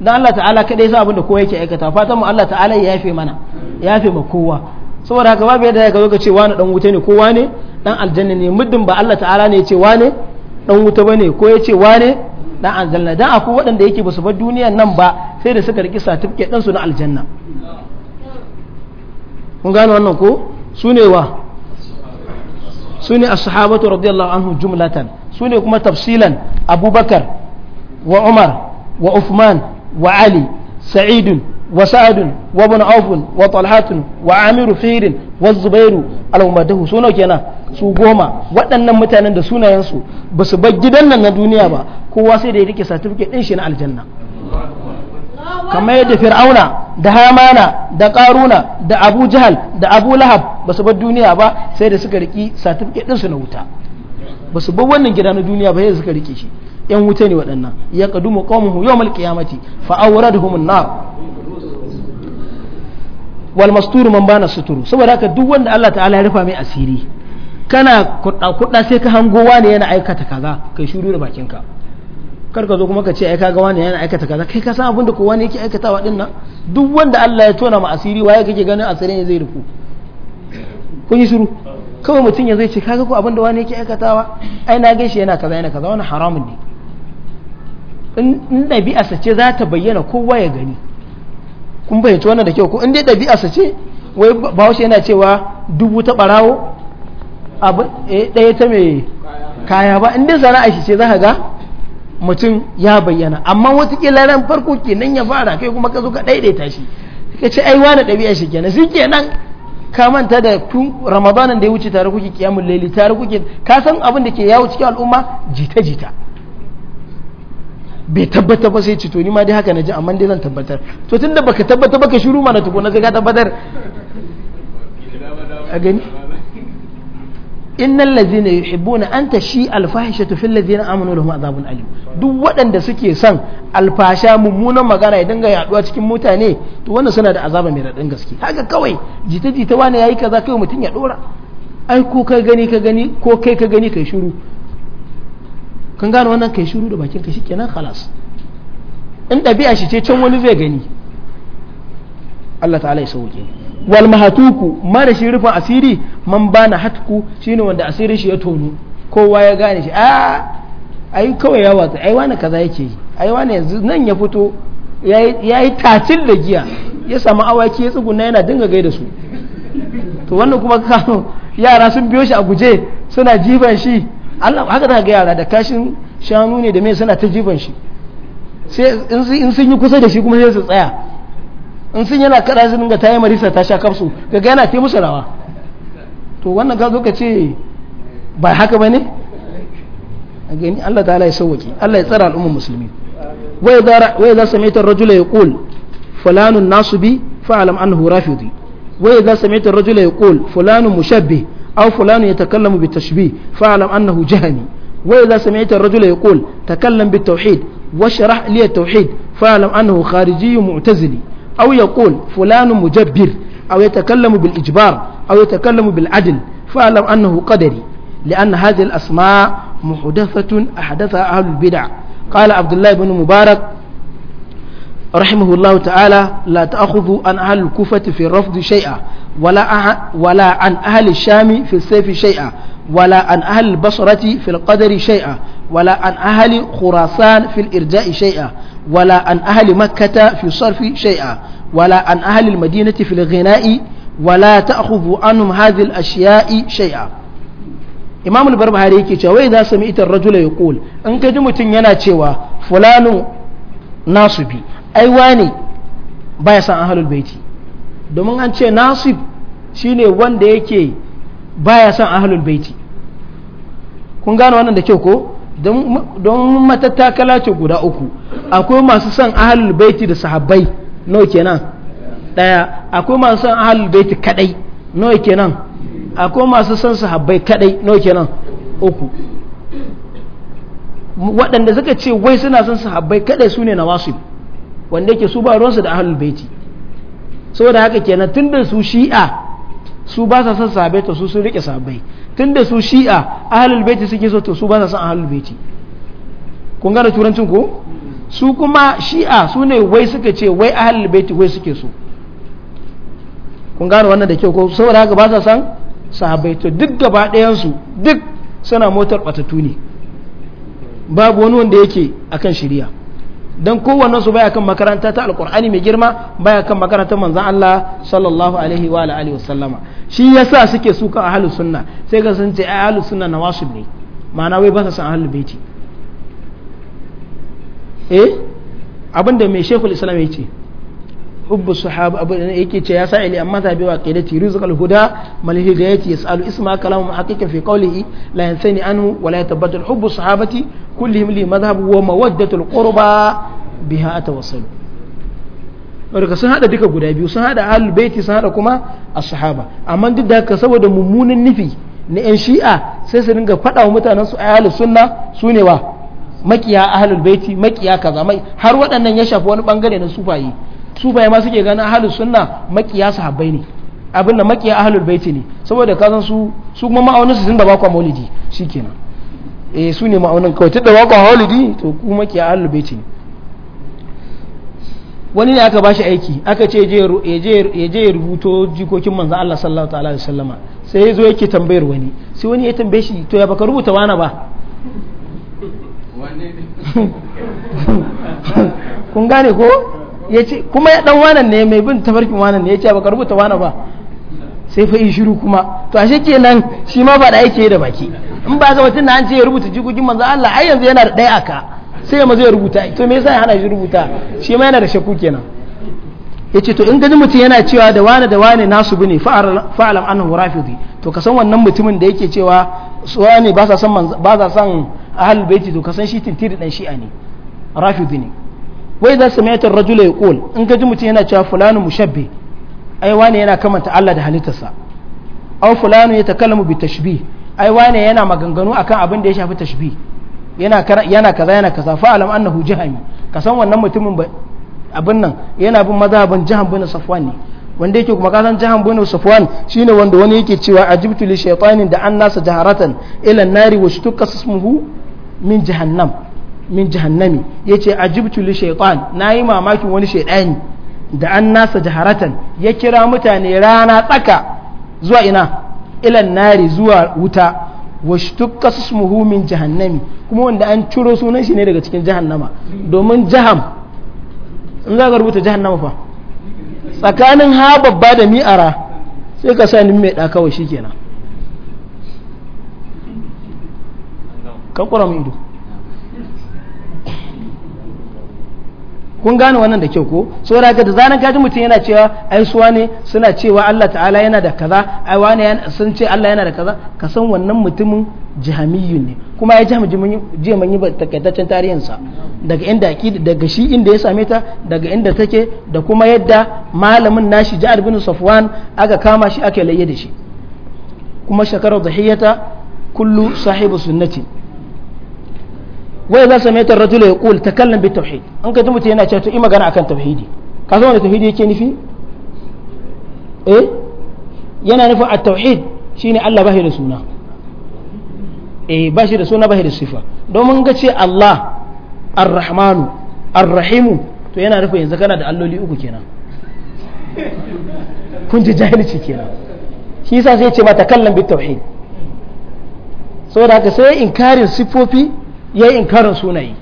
dan Allah ta'ala kadai sa abin da kowa yake aikata fatan mu Allah ta'ala ya yafe mana ya yafe ma kowa saboda haka babu yadda ka zo ka ce wani dan wuta ne kowa ne dan aljanna ne muddin ba Allah ta'ala ne ya ce wane dan wuta bane ko ya ce wane dan aljanna dan akwai waɗanda yake ba su bar duniyar nan ba sai da suka riki satifiket dan su na aljanna kun gane wannan ko su ne wa su ne ashabatu radiyallahu anhu jumlatan su ne kuma tafsilan abubakar wa umar wa uthman wa ali sa'idun wa sa'adun wa ibn aufun wa talhatun wa amiru firin wa zubairu al-umadahu su kenan su goma waɗannan mutanen da sunayensu ba su bar gidan nan na duniya ba kowa sai da ya rike certificate din shi na aljanna kamar yadda fir'auna da hamana da karuna da abu jahal da abu lahab ba su bar duniya ba sai da suka riki satifiket ɗinsu na wuta ba su bar wannan gida na duniya ba sai da suka riki shi yan wuta ne waɗannan ya kadumu qaumuhu yawmal qiyamati mati awradhum an-nar wal masturu man bana suturu saboda haka duk wanda Allah ta'ala ya rufa mai asiri kana kuɗa kuɗa sai ka hango wani yana aikata kaza kai shiru da bakinka karka zo kuma ka ce ai kaga wani yana aikata kaza kai ka san abin da kowa ne yake aikatawa din nan duk wanda Allah ya tona ma asiri waye kake ganin asiri ne zai rufu kun yi shiru kawai mutum ya zai ce kaga ko abin da wani yake aikatawa ai na gaishe yana kaza yana kaza wani haramun ne in ɗabi'arsa ce za ta bayyana kowa ya gani kun bayyace wannan da kyau ko in dai ɗabi'arsa ce wai bahaushe yana cewa dubu ta ɓarawo abu eh, ɗaya ta mai kaya ba in dai sana'a shi ce za ka ga mutum ya bayyana amma watakila ran farko ke nan ya fara kai kuma ka zo ka daidaita shi ka ce ai wani ɗabi'a shi kenan shi kenan ka manta da tun ramadanan da ya wuce tare kuke kiyamun laili tare kuke ka san abin da ke yawo cikin al'umma jita jita bai tabbatar ba sai ci to ni ma dai haka na ji amma dai zan tabbatar to tunda baka tabbatar baka shiru mana tukuna sai ka tabbatar a gani inna allazina yuhibbuna an tashi alfahishatu fil ladina amanu lahum adhabun alim duk waɗanda suke son alfasha mummunan magana ya dinga yaduwa cikin mutane to wannan suna da azaba mai radin gaske haka kawai jita jita wani yayi kaza kai mutun ya dora ai ko kai gani ka gani ko kai ka gani kai shiru kan gane wannan kai shiru da bakin ka shikenan khalas in dabi'a shi ce can wani zai gani Allah ta'ala ya sauke wal mahatuku ma da shi rufin asiri man na hatku shine wanda asirin shi ya tono kowa ya gane shi a ah, ai kawai ya watsa ai wani kaza yake yi ai wani yanzu nan ya fito ya yi tacin da giya ya samu awaki ya tsuguna yana dinga gai da su to wannan kuma kano yara sun biyo shi a guje suna jifan shi Allah haka za ga yara da kashin shanu ne da mai suna ta jifan shi sai in sun yi kusa da shi kuma sai su tsaya in sun yana kada sun dinga tayi marisa ta sha kafsu kaga yana ta musu rawa to wannan ka zo ka ce ba haka ba ne a gani Allah ta'ala ya sauwaki Allah ya tsara al'ummar musulmi wai za samaita rajula ya ƙul fulanun nasu bi fa'alam annahu rafidi wai za samaita rajula ya ƙul fulanun mushabbi aw fulanun ya takallamu bi tashbi fa'alam annahu jahani wai za samaita rajula ya ƙul takallam bi tauhid washrah li tauhid fa'alam annahu kharijiyyun mu'tazili أو يقول فلان مجبر أو يتكلم بالإجبار أو يتكلم بالعدل فأعلم أنه قدري لأن هذه الأسماء محدثة أحدثها أهل البدع قال عبد الله بن مبارك رحمه الله تعالى لا تأخذوا عن أهل الكوفة في الرفض شيئا ولا ولا عن أهل الشام في السيف شيئا ولا عن أهل البصرة في القدر شيئا ولا عن أهل خراسان في الإرجاء شيئا wala an ahli makkata fi sarfi shay'a wala an ahli almadinati fil ghina'i wala ta'khudhu anhum hadhihi al-ashya'i shay'a imam al-barbahari yake cewa wai za sami ita rajula yaqul in ka ji mutum yana cewa fulanu nasibi ai wani baya san ahlul baiti domin an ce nasib shine wanda yake baya san ahlul baiti kun gane wannan da kyau ko don matattakala ce guda uku akwai masu son ahalul baiti da sahabbai nawa kenan daya akwai masu son ahalul baiti kadai nawa kenan akwai masu son sahabbai kadai nawa kenan uku waɗanda suka ce wai suna son sahabbai kadai su ne na wasu wanda yake su ba ruwansu da ahalul baiti saboda haka kenan tun da su shi'a su ba sa son sahabbai to su sun rike tun da su shi'a ahlul baiti suke so to su ba sa son ahlul baiti kun gane turancin ko su kuma shi'a su ne wai suka ce wai ahlul baiti wai suke so kun gane wannan da kyau ko saboda haka ba sa son sahabbai to duk gaba ɗayan su duk suna motar batatu ne babu wani wanda yake akan shari'a don kowanne su baya kan makaranta ta alkur'ani mai girma baya kan makaranta manzan Allah sallallahu alaihi wa alihi wasallama shi yasa suke sukan ahlus sunna sai ga sun ce ai ahlus sunna wasu ne ma'ana wai ba sa san ahlul baiti eh abinda mai shekul islam ya ce hubbu sahaba abu da yake ce ya sa ili amma ta biwa qidati rizqal huda mal hidayati yasalu isma kalamu haqiqan fi qawlihi la yansani anhu wa la yatabaddal hubbu sahabati kullihim li madhhab wa mawaddatul qurba biha atawassalu wadda sun hada duka guda biyu sun hada ahlul baiti sun hada kuma a sahaba amma duk da haka saboda mummunan nufi na yan shi'a sai su dinga faɗa wa mutanen su ahlus sunna sune wa makiya ahlul baiti makiya kaza mai har waɗannan ya shafi wani bangare na sufaye sufaye ma suke ganin ahlus sunna makiya sahabbai ne abin da makiya ahlul baiti ne saboda ka san su su kuma ma'aunin su tunda ba kwa maulidi shikenan eh su ne ma'aunin kawai tunda ba kwa maulidi to ku makiya ahlul baiti ne wani ne aka bashi aiki aka ce ya je ya rubuto jikokin manzo Allah sallallahu ta'ala alaihi sallama sai ya zo yake tambayar wani sai wani ya tambaye shi to ya baka rubuta wani ba <laughs> kun gane ko ya ce kuma ya dan wanan ne mai bin tafarkin wanan ne ya ce ya baka rubuta wani ba sai fa yi shiru kuma to ashe kenan shi ma ba da aiki da baki in ba ga mutum na an ce ya rubuta jikokin manzo Allah ai yanzu yana da ɗaya aka sai ma zai rubuta to me yasa ya hana shi rubuta shi ma yana da shakku kenan yace to in gaji mutum yana cewa da wane da wane nasu bane alam annahu rafidi to ka wannan mutumin da yake cewa su wane ba sa san ba sa san ahlul baiti to ka san shi tintiri dan shi'a ne rafidi ne wai za su rajula ya kol in gaji mutum yana cewa fulanu mushabbi ai wane yana kamanta Allah da halittarsa aw ta ya takallamu bi tashbih ai wane yana maganganu akan abin da ya shafi tashbih yana kaza yana kaza fa alam annahu jahami ka san wannan mutumin ba abin nan yana bin mazhabin jahan bin safwan ne wanda yake kuma kasan jahan bin safwan shine wanda wani yake cewa ajibtu li shaytanin da annasa jaharatan ila nari wa shtukka ismuhu min jahannam min jahannami yace ajibtu li shaytan nayi mamakin wani shaydani da annasa jaharatan ya kira mutane rana tsaka zuwa ina ila nari zuwa wuta washtukka ismuhu min jahannami kuma wanda an ciro sunan shi ne daga cikin jahannama domin jaham in za ka rubuta jahannama fa tsakanin ha babba da mi'ara sai ka sa ni mai da kawai shikenan ka kura mu ido kun gane wannan da kyau ko saboda ga da zanen kaji mutum yana cewa ai suwa ne suna cewa Allah ta'ala yana da kaza ai wani sun ce Allah yana da kaza ka san wannan mutumin jahamiyyun ne kuma ya jami jiya mun yi takaitaccen tarihin sa daga inda daga shi inda ya same ta daga inda take da kuma yadda malamin nashi jihar bin Safwan aka kama shi aka layye da shi kuma shakarar dhahiyata kullu sahibu sunnati wai za su maitar rajula ya ƙul ta kallon bi tauhid an kai mutum yana cewa to yi magana akan tauhidi ka san wanda tauhidi yake nufi eh yana nufin a tauhid shine Allah ba shi da suna eh ba shi da suna ba shi da sifa domin ga ce Allah ar-rahmanu ar-rahimu to yana nufin yanzu kana da alloli uku kenan kun ji jahilci kenan shi yasa sai ya ce mata kallon bi tauhid saboda haka sai inkarin sifofi ya yi inkarin sunayi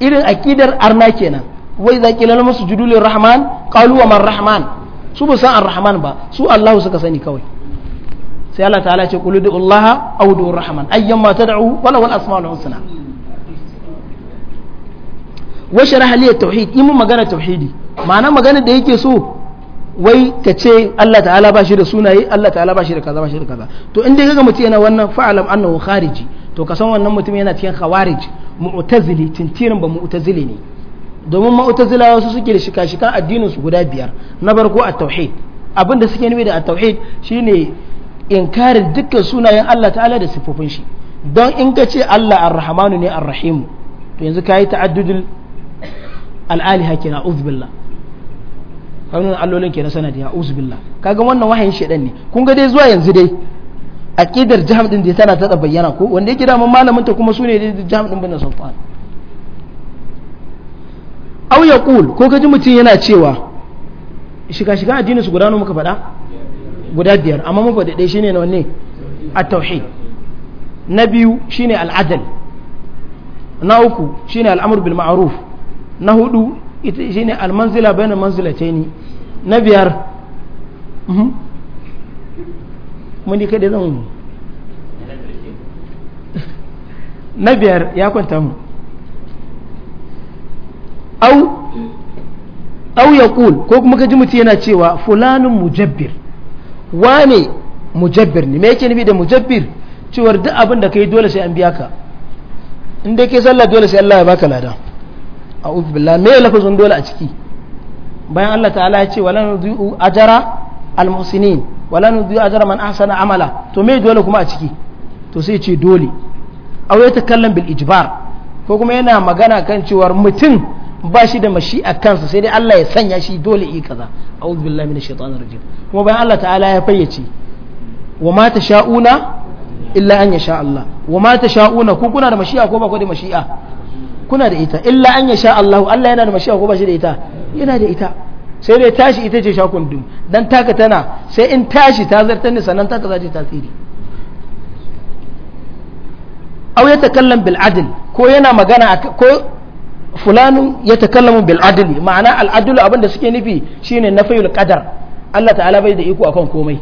irin aƙidar arna kenan wai za ƙila musu judulin rahman ƙalu wa man rahman su ba san rahman ba su allahu suka sani kawai sai allah ta'ala ce kulu da allah au da rahman ayyan ma tad'u wala wal asma'ul husna wa sharh li tauhid in magana tauhidi ma'ana magana da yake so wai ka ce Allah ta'ala ba shi da sunaye Allah ta'ala ba shi da kaza ba shi da kaza to inda kaga mutum yana wannan fa'alam annahu khariji to ka san wannan mutum yana cikin khawarij mu'tazili tintirin ba mu'tazili ne domin mu'tazila wasu suke da shika-shikan addinin su guda biyar na farko a tauhid abinda suke nufi da at-tauhid shine inkarin dukkan sunayen Allah ta'ala da sifofin shi don in ka ce Allah ar-rahmanu ne ar-rahimu to yanzu kayi ta'addudul al-aliha uz billah kamar allolin kenan sanadi ya ka kaga wannan wahayin shedan ne kun ga dai zuwa yanzu dai aqidar jiham din da tana tada bayyana ko wanda yake da mun malamin ta kuma sune da jiham din bin sultan aw yaqul ko kaji mutun yana cewa shiga shiga addinin su guda muka faɗa guda biyar amma mun faɗi dai shine na wanne at-tauhid na biyu shine al-adl na uku shine al-amr bil ma'ruf na hudu shine al-manzila bayna manzilataini na biyar mhm. mun kai da zan na biyar ya kwanta mu au au ya kul ko kuma ka ji mutum yana cewa fulanin mujabbir wane mujabbir ne me yake nufi da mujabbir cewar duk abin da ka yi dole sai an biya ka in ke kai sallah dole sai Allah ya baka lada a'udhu billah me lafazin dole a ciki bayan Allah ta'ala ya ce wala nudu ajara almuhsinin wala nudhi ajra man ahsana amala to me dole kuma a ciki to sai ce dole aw ya takallam bil ijbar ko kuma yana magana kan cewar mutum ba shi da mashi a kansa sai dai Allah ya sanya shi dole yi kaza a'udhu billahi minash shaitanir rajim kuma bayan Allah ta'ala ya fayyace wa ma tasha'una illa an yasha Allah wa ma tasha'una ku kuna da mashi'a ko ba ku da mashi'a kuna da ita illa an yasha Allah Allah yana da mashi'a ko ba shi da ita yana da ita sai dai tashi ita ce shakun dum dan taka tana sai in tashi ta zartar ni sannan taka zaje tasiri aw ya takallam bil adl ko yana magana ko fulanu ya takallamu bil adl ma'ana al adl abin da suke nufi shine nafiyul qadar Allah ta'ala bai da iko akan komai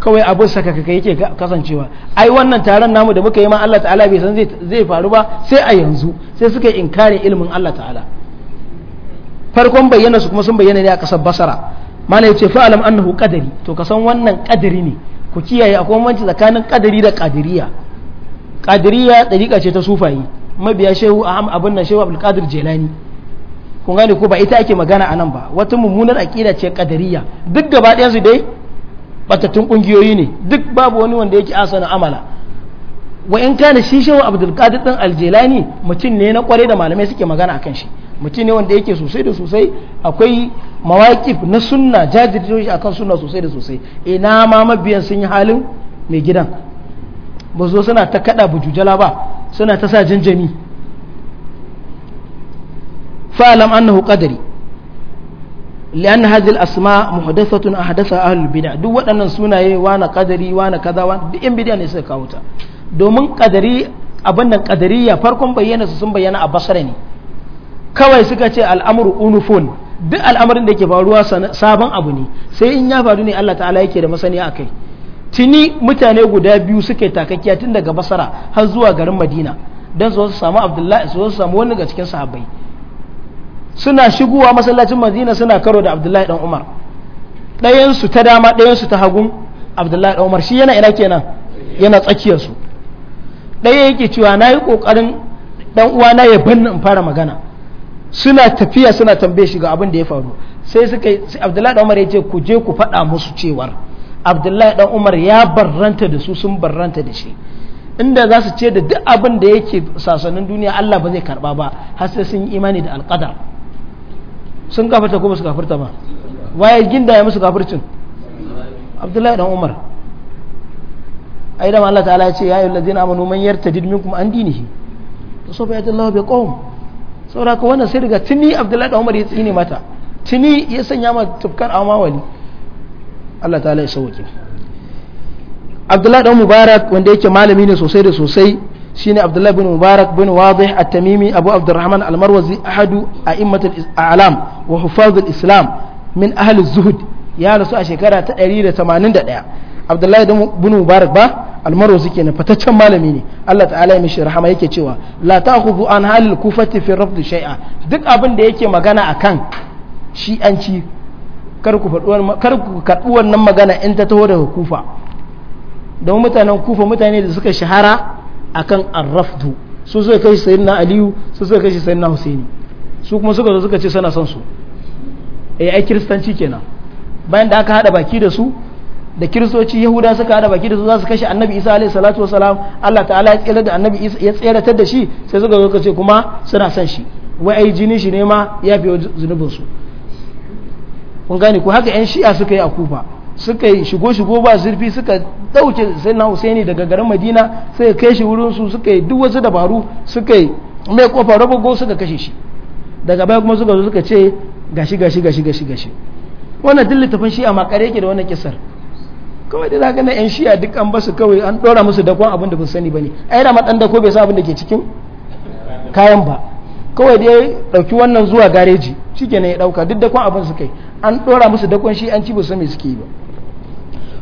kawai abin saka kaka yake kasancewa ai wannan taron namu da muka yi ma Allah ta'ala bai san zai faru ba sai a yanzu sai suka yi ilimin Allah ta'ala farkon bayyana su kuma sun bayyana ne a kasar basara mana yace fa alam annahu qadari to ka san wannan qadari ne ku kiyaye akwai banci tsakanin qadari da qadiriya qadiriya dariƙa ce ta sufayi mabiya shehu aham abun nan shehu abdul qadir jelani kun gane ko ba ita ake magana a nan ba wata mummunar aqida ce qadariya duk gaba ɗayan su dai batattun kungiyoyi ne duk babu wani wanda yake asana amala wa in kana shi shehu abdul qadir din aljelani mutum ne na kware da malamai suke magana akan shi mutum ne wanda yake sosai da sosai akwai mawaƙif na sunna jajirce akan suna sosai da sosai ina ma mabiyan sun yi halin mai gidan ba zo suna ta kada bujujala ba suna ta sa janjami fa'alam annahu qadari لأن هذه الأسماء محدثة أحدثها أهل البدع دو waɗannan sunaye wani kadari wani kaza wani duk in bidiya ne suka kawo ta domin kadari abin nan kadariya farkon bayyana su sun bayyana a basra ne kawai suka ce al'amur unufun duk al'amarin da ke faruwa sabon abu ne sai in ya faru ne Allah ta'ala yake da masaniya a kai tuni mutane guda biyu suke takakkiya tun daga basara har zuwa garin madina don su samu abdullahi su samu wani ga cikin sahabbai suna shigowa masallacin madina suna karo da abdullahi dan umar ɗayansu ta dama ɗayansu ta hagun abdullahi dan umar shi yana ina kenan yana tsakiyarsu ɗaya yake cewa na yi ƙoƙarin ɗan uwana ya banna in fara magana suna tafiya suna tambaye shi ga abin da ya faru sai suka yi Abdullahi dan Umar ya ce ku je ku faɗa musu cewar Abdullahi dan Umar ya barranta da su sun barranta da shi inda za su ce da duk abin da yake sasannin duniya Allah ba zai karba ba har sai sun yi imani da alƙadar sun kafarta ko ba su kafarta ba waye ginda ya musu kafircin Abdullahi dan Umar ai da Allah ta'ala ya ce ya yi ayyuhallazina amanu man didmin kuma an dinihi sawfa yati Allahu biqawm sauraka ka wannan sai daga tuni abdullahi da umar ya tsine mata tuni ya sanya ma tufkar amawali Allah ta'ala ya sauke Abdullahi da Mubarak wanda yake malami ne sosai da sosai shine Abdullahi bin Mubarak bin Wadih At-Tamimi Abu Abdurrahman Al-Marwazi ahadu a'immatul a'lam wa hufazul Islam min ahli zuhud ya rasu a shekara ta 181 Abdullahi bin Mubarak ba almaro suke na fataccen malami ne Allah ta'ala ya mishi rahama yake cewa la ta'khudhu an halil kufati fi rafd shay'a duk abin da yake magana akan shi'anci kar ku faɗuwar kar ku karɓi wannan magana in ta taho daga kufa don mutanen kufa mutane da suka shahara akan arrafdu su suka kai sayyidina aliyu su suka kai sayyidina husaini su kuma suka zo suka ce suna son su eh ai kiristanci kenan bayan da aka hada baki da su da kiristoci yahuda suka hada baki da su za su kashe annabi isa alaihi salatu wasalam Allah ta'ala ya tsere da annabi isa ya tseratar da shi sai suka zo kace kuma suna son shi wai ai jini shi ne ma ya fi zunubin su kun gane ko haka yan shi'a suka yi a kufa suka yi shigo shigo ba zurfi suka dauke sayyidina husaini daga garin madina sai kai shi wurin su suka yi duk wasu dabaru suka yi mai kofa go suka kashe shi daga baya kuma suka zo suka ce gashi gashi gashi gashi gashi wannan tafin shi'a ma kare yake da wannan kisar kawai da zaka na yan shiya duk an basu kawai an dora musu dakon abin da ba sani bane ai da dan ko bai sa abin da ke cikin kayan ba kawai dai dauki wannan zuwa gareji na ya dauka duk dakon abin su kai an dora musu dakon shi an ci ba san me suke yi ba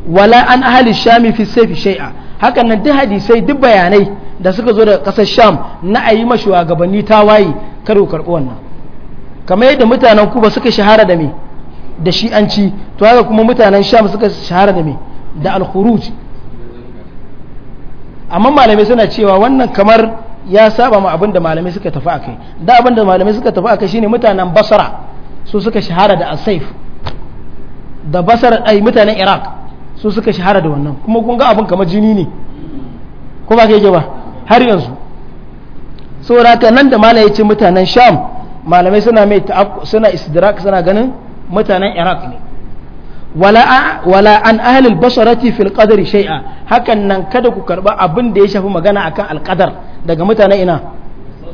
wala an ahli shami fi sayfi shay'a hakan nan duk hadisai duk bayanai da suka zo da kasar sham na ayi ma shugabanni waye karo karɓo wannan kamar yadda mutanen kuba suka shahara da me da ci to haka kuma mutanen sham suka shahara da me da al-khuruj amma malamai suna cewa wannan kamar ya saba ma abinda malamai suka tafi a kai da abinda malamai suka tafi a kai shine mutanen basara su suka shahara da asaif da basar ai mutanen iraq su suka shahara da wannan kuma kun ga abin kamar jini ne ko ba ke ba har yanzu saboda nan da malamai ce mutanen sham malamai suna mai suna istidrak suna ganin mutanen iraq ne wala an ahlil basharati fil qadari shay'a hakan nan kada ku karba abin da ya shafi magana akan alqadar daga mutane ina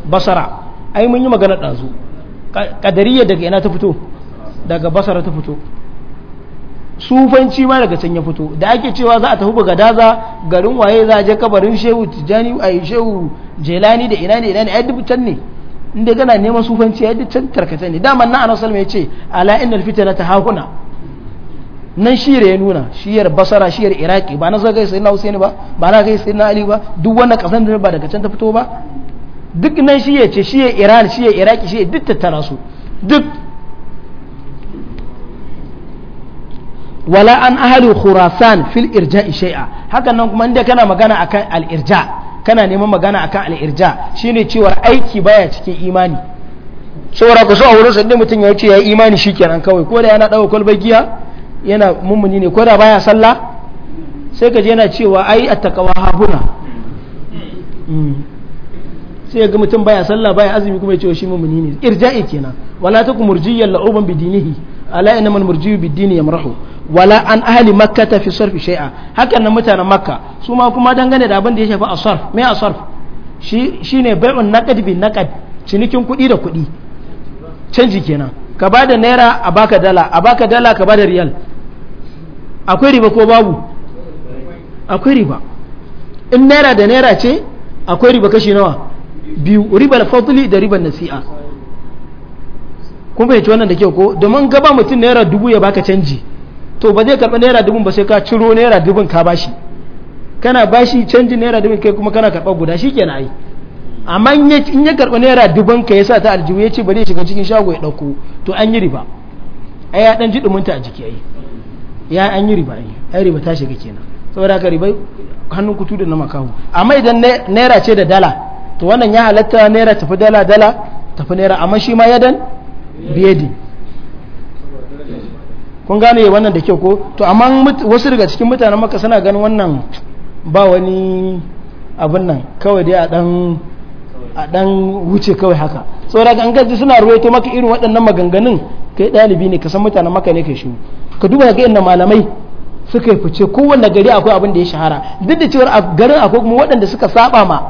basara ai mun yi magana dazu qadariyya daga ina ta fito daga basara ta fito sufanci ma daga can ya fito da ake cewa za a tafi ga bagadaza garin waye za je kabarin shehu tijani ai shehu jelani da ina ne ina ne ai dubutan ne inda kana neman sufanci ai duk can tarkata ne daman na annabi sallallahu alaihi wasallam ya ce ala innal fitnata hahuna nan shiyar ya nuna shiyar basara shiyar iraki ba na zagaye sai na husaini ba ba na gaisa sai na ali ba duk wannan kasan da ba daga can ta fito ba duk nan shiyar ce shiyar iran shiyar iraki shiyar duk tattara su duk wala an ahli khurasan fil irja shay'a hakan nan kuma inda kana magana akan al irja kana neman magana akan al irja shine cewa aiki baya cikin imani saboda ku so a wurin sa mutum ya wuce ya yi imani shikenan kawai ko da yana dawo kwalbar giya yana mummuni ne ko da baya sallah sai ka je yana cewa ai attaqwa habuna mm. sai ga mutum baya sallah baya azumi kuma ya ce shi mummuni ne irja'i kenan wala takum murjiyyan la'uban bidinihi ala inna man murjiyu bidini yamrahu wala an ahli makka ta fi sarfi shay'a hakan nan mutanen makka su ma kuma dangane da abin da ya shafi asarf me asarf shi shine bai'un naqd bi naqd cinikin kuɗi da kuɗi canji kenan ka ba da naira a baka dala a baka dala ka ba da riyal akwai riba ko babu akwai riba in naira da naira ce akwai riba kashi nawa biyu da fadli da riba nasi'a kuma yace wannan da kyau ko domin gaba mutum naira dubu ya baka canji to ba zai karɓi naira dubun ba sai ka ciro naira dubun ka bashi kana bashi canji naira dubun kai kuma kana karɓa guda shi kenan ai amma in ya karɓi naira dubun ka ya sa ta aljihu ya ce ba zai shiga cikin shago ya ɗauko to an yi riba ai ya ɗan ji ɗuminta a jiki ai ya an yi riba ai riba ta shiga kenan saboda haka riba hannun kutu da na makahu amma idan naira ce da dala to wannan ya halatta naira tafi dala dala tafi naira amma shi ma yadan biyadi kun gane wannan da kyau ko to amma wasu daga cikin mutanen maka suna ganin wannan ba wani abin nan kawai dai a dan a dan wuce kawai haka tsoron ga an gaji suna ruwaito maka irin waɗannan maganganun kai ɗalibi ne ka san mutanen maka ne kai shi ka duba ga inda malamai suka yi fice kowanne gari akwai abin da ya shahara duk da cewar a garin akwai kuma waɗanda suka saba ma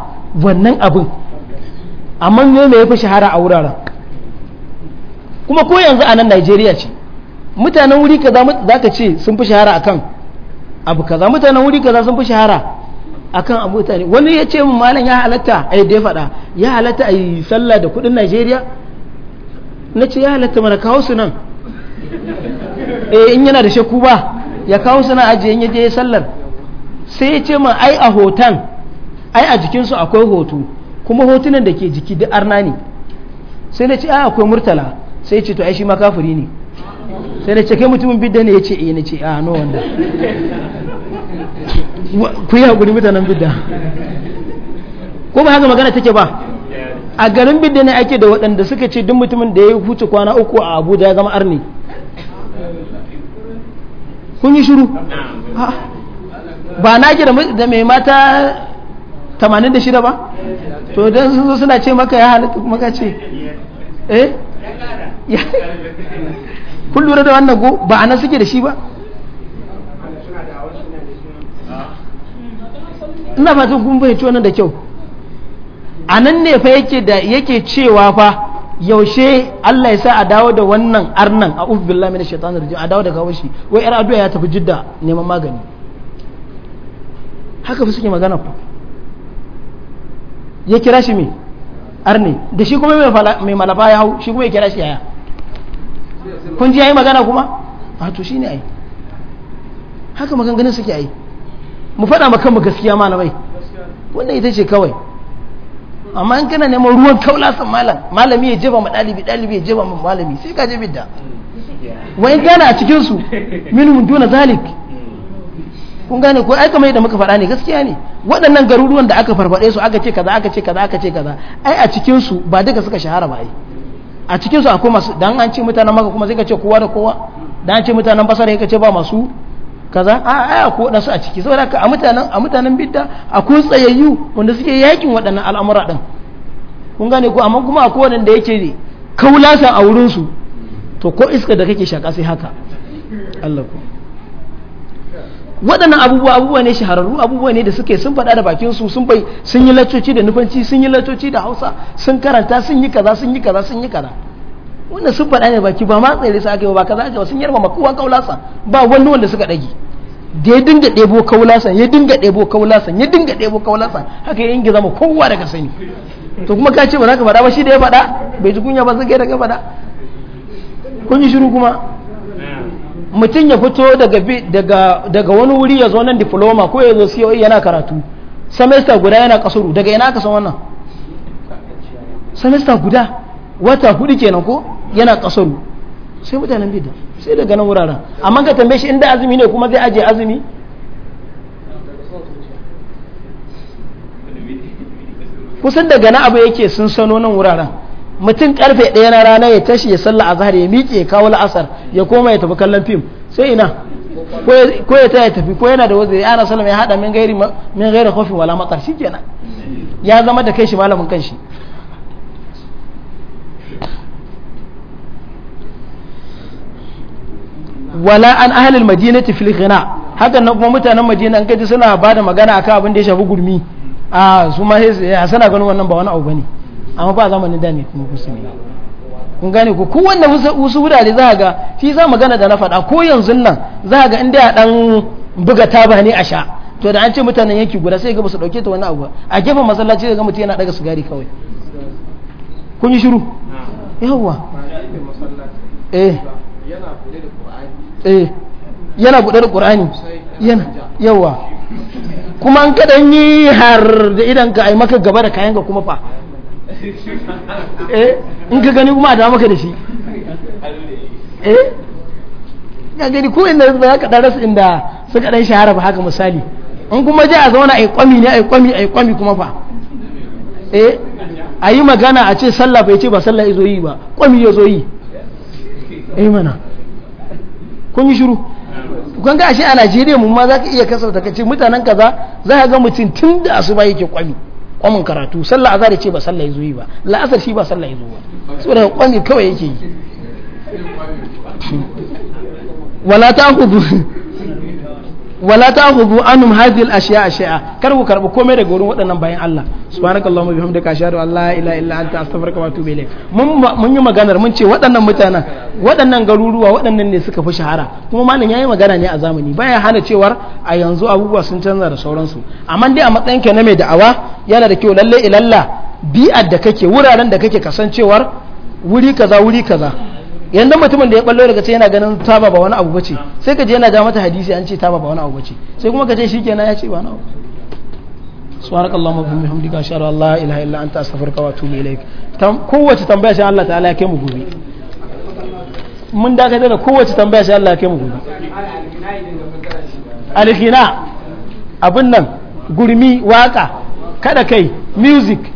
wannan abin amma ne mai yafi shahara a wuraren kuma ko yanzu a nan Najeriya ce mutanen wuri kaza zaka ce sun fi shahara akan abu kaza mutanen wuri kaza sun fi shahara akan abu mutane wani ya ce mu malam ya halatta ai da ya faɗa ya halatta a yi sallah da kudin najeriya na ce ya halatta mana kawo su nan eh in yana da shakku ba ya kawo su nan ajiye in ya sallar sai ya ce ma ai a hoton ai a jikinsu akwai hoto kuma hotunan da ke jiki duk arna ne sai na ce ai ah, akwai murtala sai ya ce to ai shi ma kafiri ne sai na ce kai mutumin bidda ne ya ce eh na ce a ah, no wanda ku yi haƙuri mutanen bidda ko ba haka magana take ba a garin bidda ne ake da waɗanda suka ce duk mutumin da ya huce kwana uku a abuja ya zama arni kun yi shiru ba na ke da mai mata 86 ba to don sun zo suna ce maka ya kuma maka ce eh <laughs> kun lura da wannan go ba a nan suke da shi ba ina fatan kun bai wannan da kyau a nan ne fa yake da yake cewa fa yaushe Allah ya sa a dawo da wannan arnan a ubi billahi minash shaitanir rajim a dawo da kawo shi wai yar addu'a ya tafi jidda neman magani haka fa suke magana fa ya kira shi me arne da shi kuma mai malafa ya hau shi kuma ya kira shi yaya kun ji yayi magana kuma a to shine ai haka maganganun suke ai mu faɗa ma kanmu gaskiya malamai wannan ita ce kawai amma in kana neman ruwan kaula san malam malami ya jeba ma dalibi dalibi ya jeba ma malami sai ka je da wai gana a cikin su minhum duna zalik kun gane ko ai kamar yadda muka faɗa ne gaskiya ne waɗannan garuruwan da aka farfaɗe su aka ce kaza aka ce kaza aka ce kaza ai a cikin su ba duka suka shahara ba ai a cikin su akwai masu dan an ce mutanen maka kuma sai ka ce kowa da kowa dan an ce mutanen basara sai ka ce ba masu kaza a ko dan su a ciki saboda ka a mutanen a mutanen bidda akwai tsayayyu wanda suke yakin waɗannan al'amura din kun gane ko amma kuma akwai wanda yake kaulasa a wurin su to ko iska da kake shaka sai haka Allah ku waɗannan abubuwa abubuwa ne shahararru abubuwa ne da suke sun faɗa da bakin su sun bai sun yi laccoci da nufanci sun yi laccoci da hausa sun karanta sun yi kaza sun yi kaza sun yi kaza wannan sun faɗa ne baki ba ma tsere su aka yi ba kaza aka yi sun yarba kowa kaulasa ba wani wanda suka ɗage da ya dinga ɗebo kaulasa ya dinga ɗebo kaulasa ya dinga ɗebo kaulasa haka ya ingiza ma kowa daga sani to kuma ka ce ba za ka faɗa ba shi da ya faɗa bai ji kunya ba zai daga faɗa kun yi shiru kuma mutum ya fito daga daga wani wuri ya zo nan diploma ko ya zo COE yana karatu semester guda yana kasuru daga ina ka san wannan semester guda wata hudu kenan ko yana kasaru sai mutanen bidda sai daga nan wuraren amma ka tambaye shi inda azumi ne kuma zai aje azumi kusan daga nan abu yake sun sano nan wuraren mutum karfe ɗaya na rana ya tashi ya sallah a zahar ya miƙe ya kawo la'asar ya koma ya tafi kallon fim sai ina ko ya taya tafi ko yana da wanda ya ana salama ya haɗa min gairi min kofin wala matar shi kenan ya zama da kai shi malamin kanshi wala an ahlil madinati fil ghina hakan nan kuma mutanen madina an kaji suna ba da magana akan abin da ya shafi gurmi a su ma sai sana ganin wannan ba wani abu bane amma ba zamanin da ne kuma musulmi kun gane ko kowanne wasu wurare za ga shi za magana da na faɗa ko yanzu nan za ga inda ya dan buga taba ne a sha to da an ce mutanen yanki guda sai ga ba su dauke ta wani abu a gefen masallaci ga mutum yana daga sigari kawai kun yi shiru yawwa eh yana kule da Eh, yana buɗe da ƙur'ani yana yawa kuma an kaɗan yi har da idan ka ai maka gaba da kayan ga kuma fa eh in ka gani kuma a dawo maka da shi eh ga gani ko inda ba ya ɗan rasu inda suka ɗan shahara ba haka misali in kuma je a zauna yi kwami ne a yi kwami yi kwami kuma fa eh a yi magana a ce sallah bai ce ba sallah ya zo yi ba kwami ya zo yi eh mana kun yi shiru kun ga ashe a Najeriya mun ma zaka iya kasar ka ce mutanen kaza za ka ga mutum tun da asuba yake kwami kwamin karatu sallah azhar ce ba sallah yazo yi ba la'asar shi ba sallah yazo ba saboda kwami kawai yake yi wala ta'khudhu wala ta'khudhu anhum hadhihi al-ashya'a shay'a kar ku karbi komai daga wurin waɗannan bayan Allah subhanakallahumma bihamdika ashhadu an la ilaha illa anta astaghfiruka wa atubu ilayk mun mun yi maganar mun ce waɗannan mutanen waɗannan garuruwa waɗannan ne suka fi shahara kuma malam yayi magana ne a zamani baya hana cewar a yanzu abubuwa sun canza da sauransu amma dai a matsayin ka na mai da'awa yana da kyau lalle ilalla bi'ar da kake wuraren da kake kasancewar wuri kaza wuri kaza yanda mutumin da ya ballo daga ce yana ganin taba ba wani abu bace sai ka je yana ga mata hadisi an ce taba ba wani abu bace sai kuma ka ce shikenan ya ce ba wani abu allahumma wa bihamdika ashhadu an la ilaha illa anta astaghfiruka wa atubu ilaik kowace tambaya sai Allah ta'ala ya kai mu gobe mun dakatar da kowace tambaya sai Allah ya kai mu gobe alhina abin nan gurmi waka kada kai music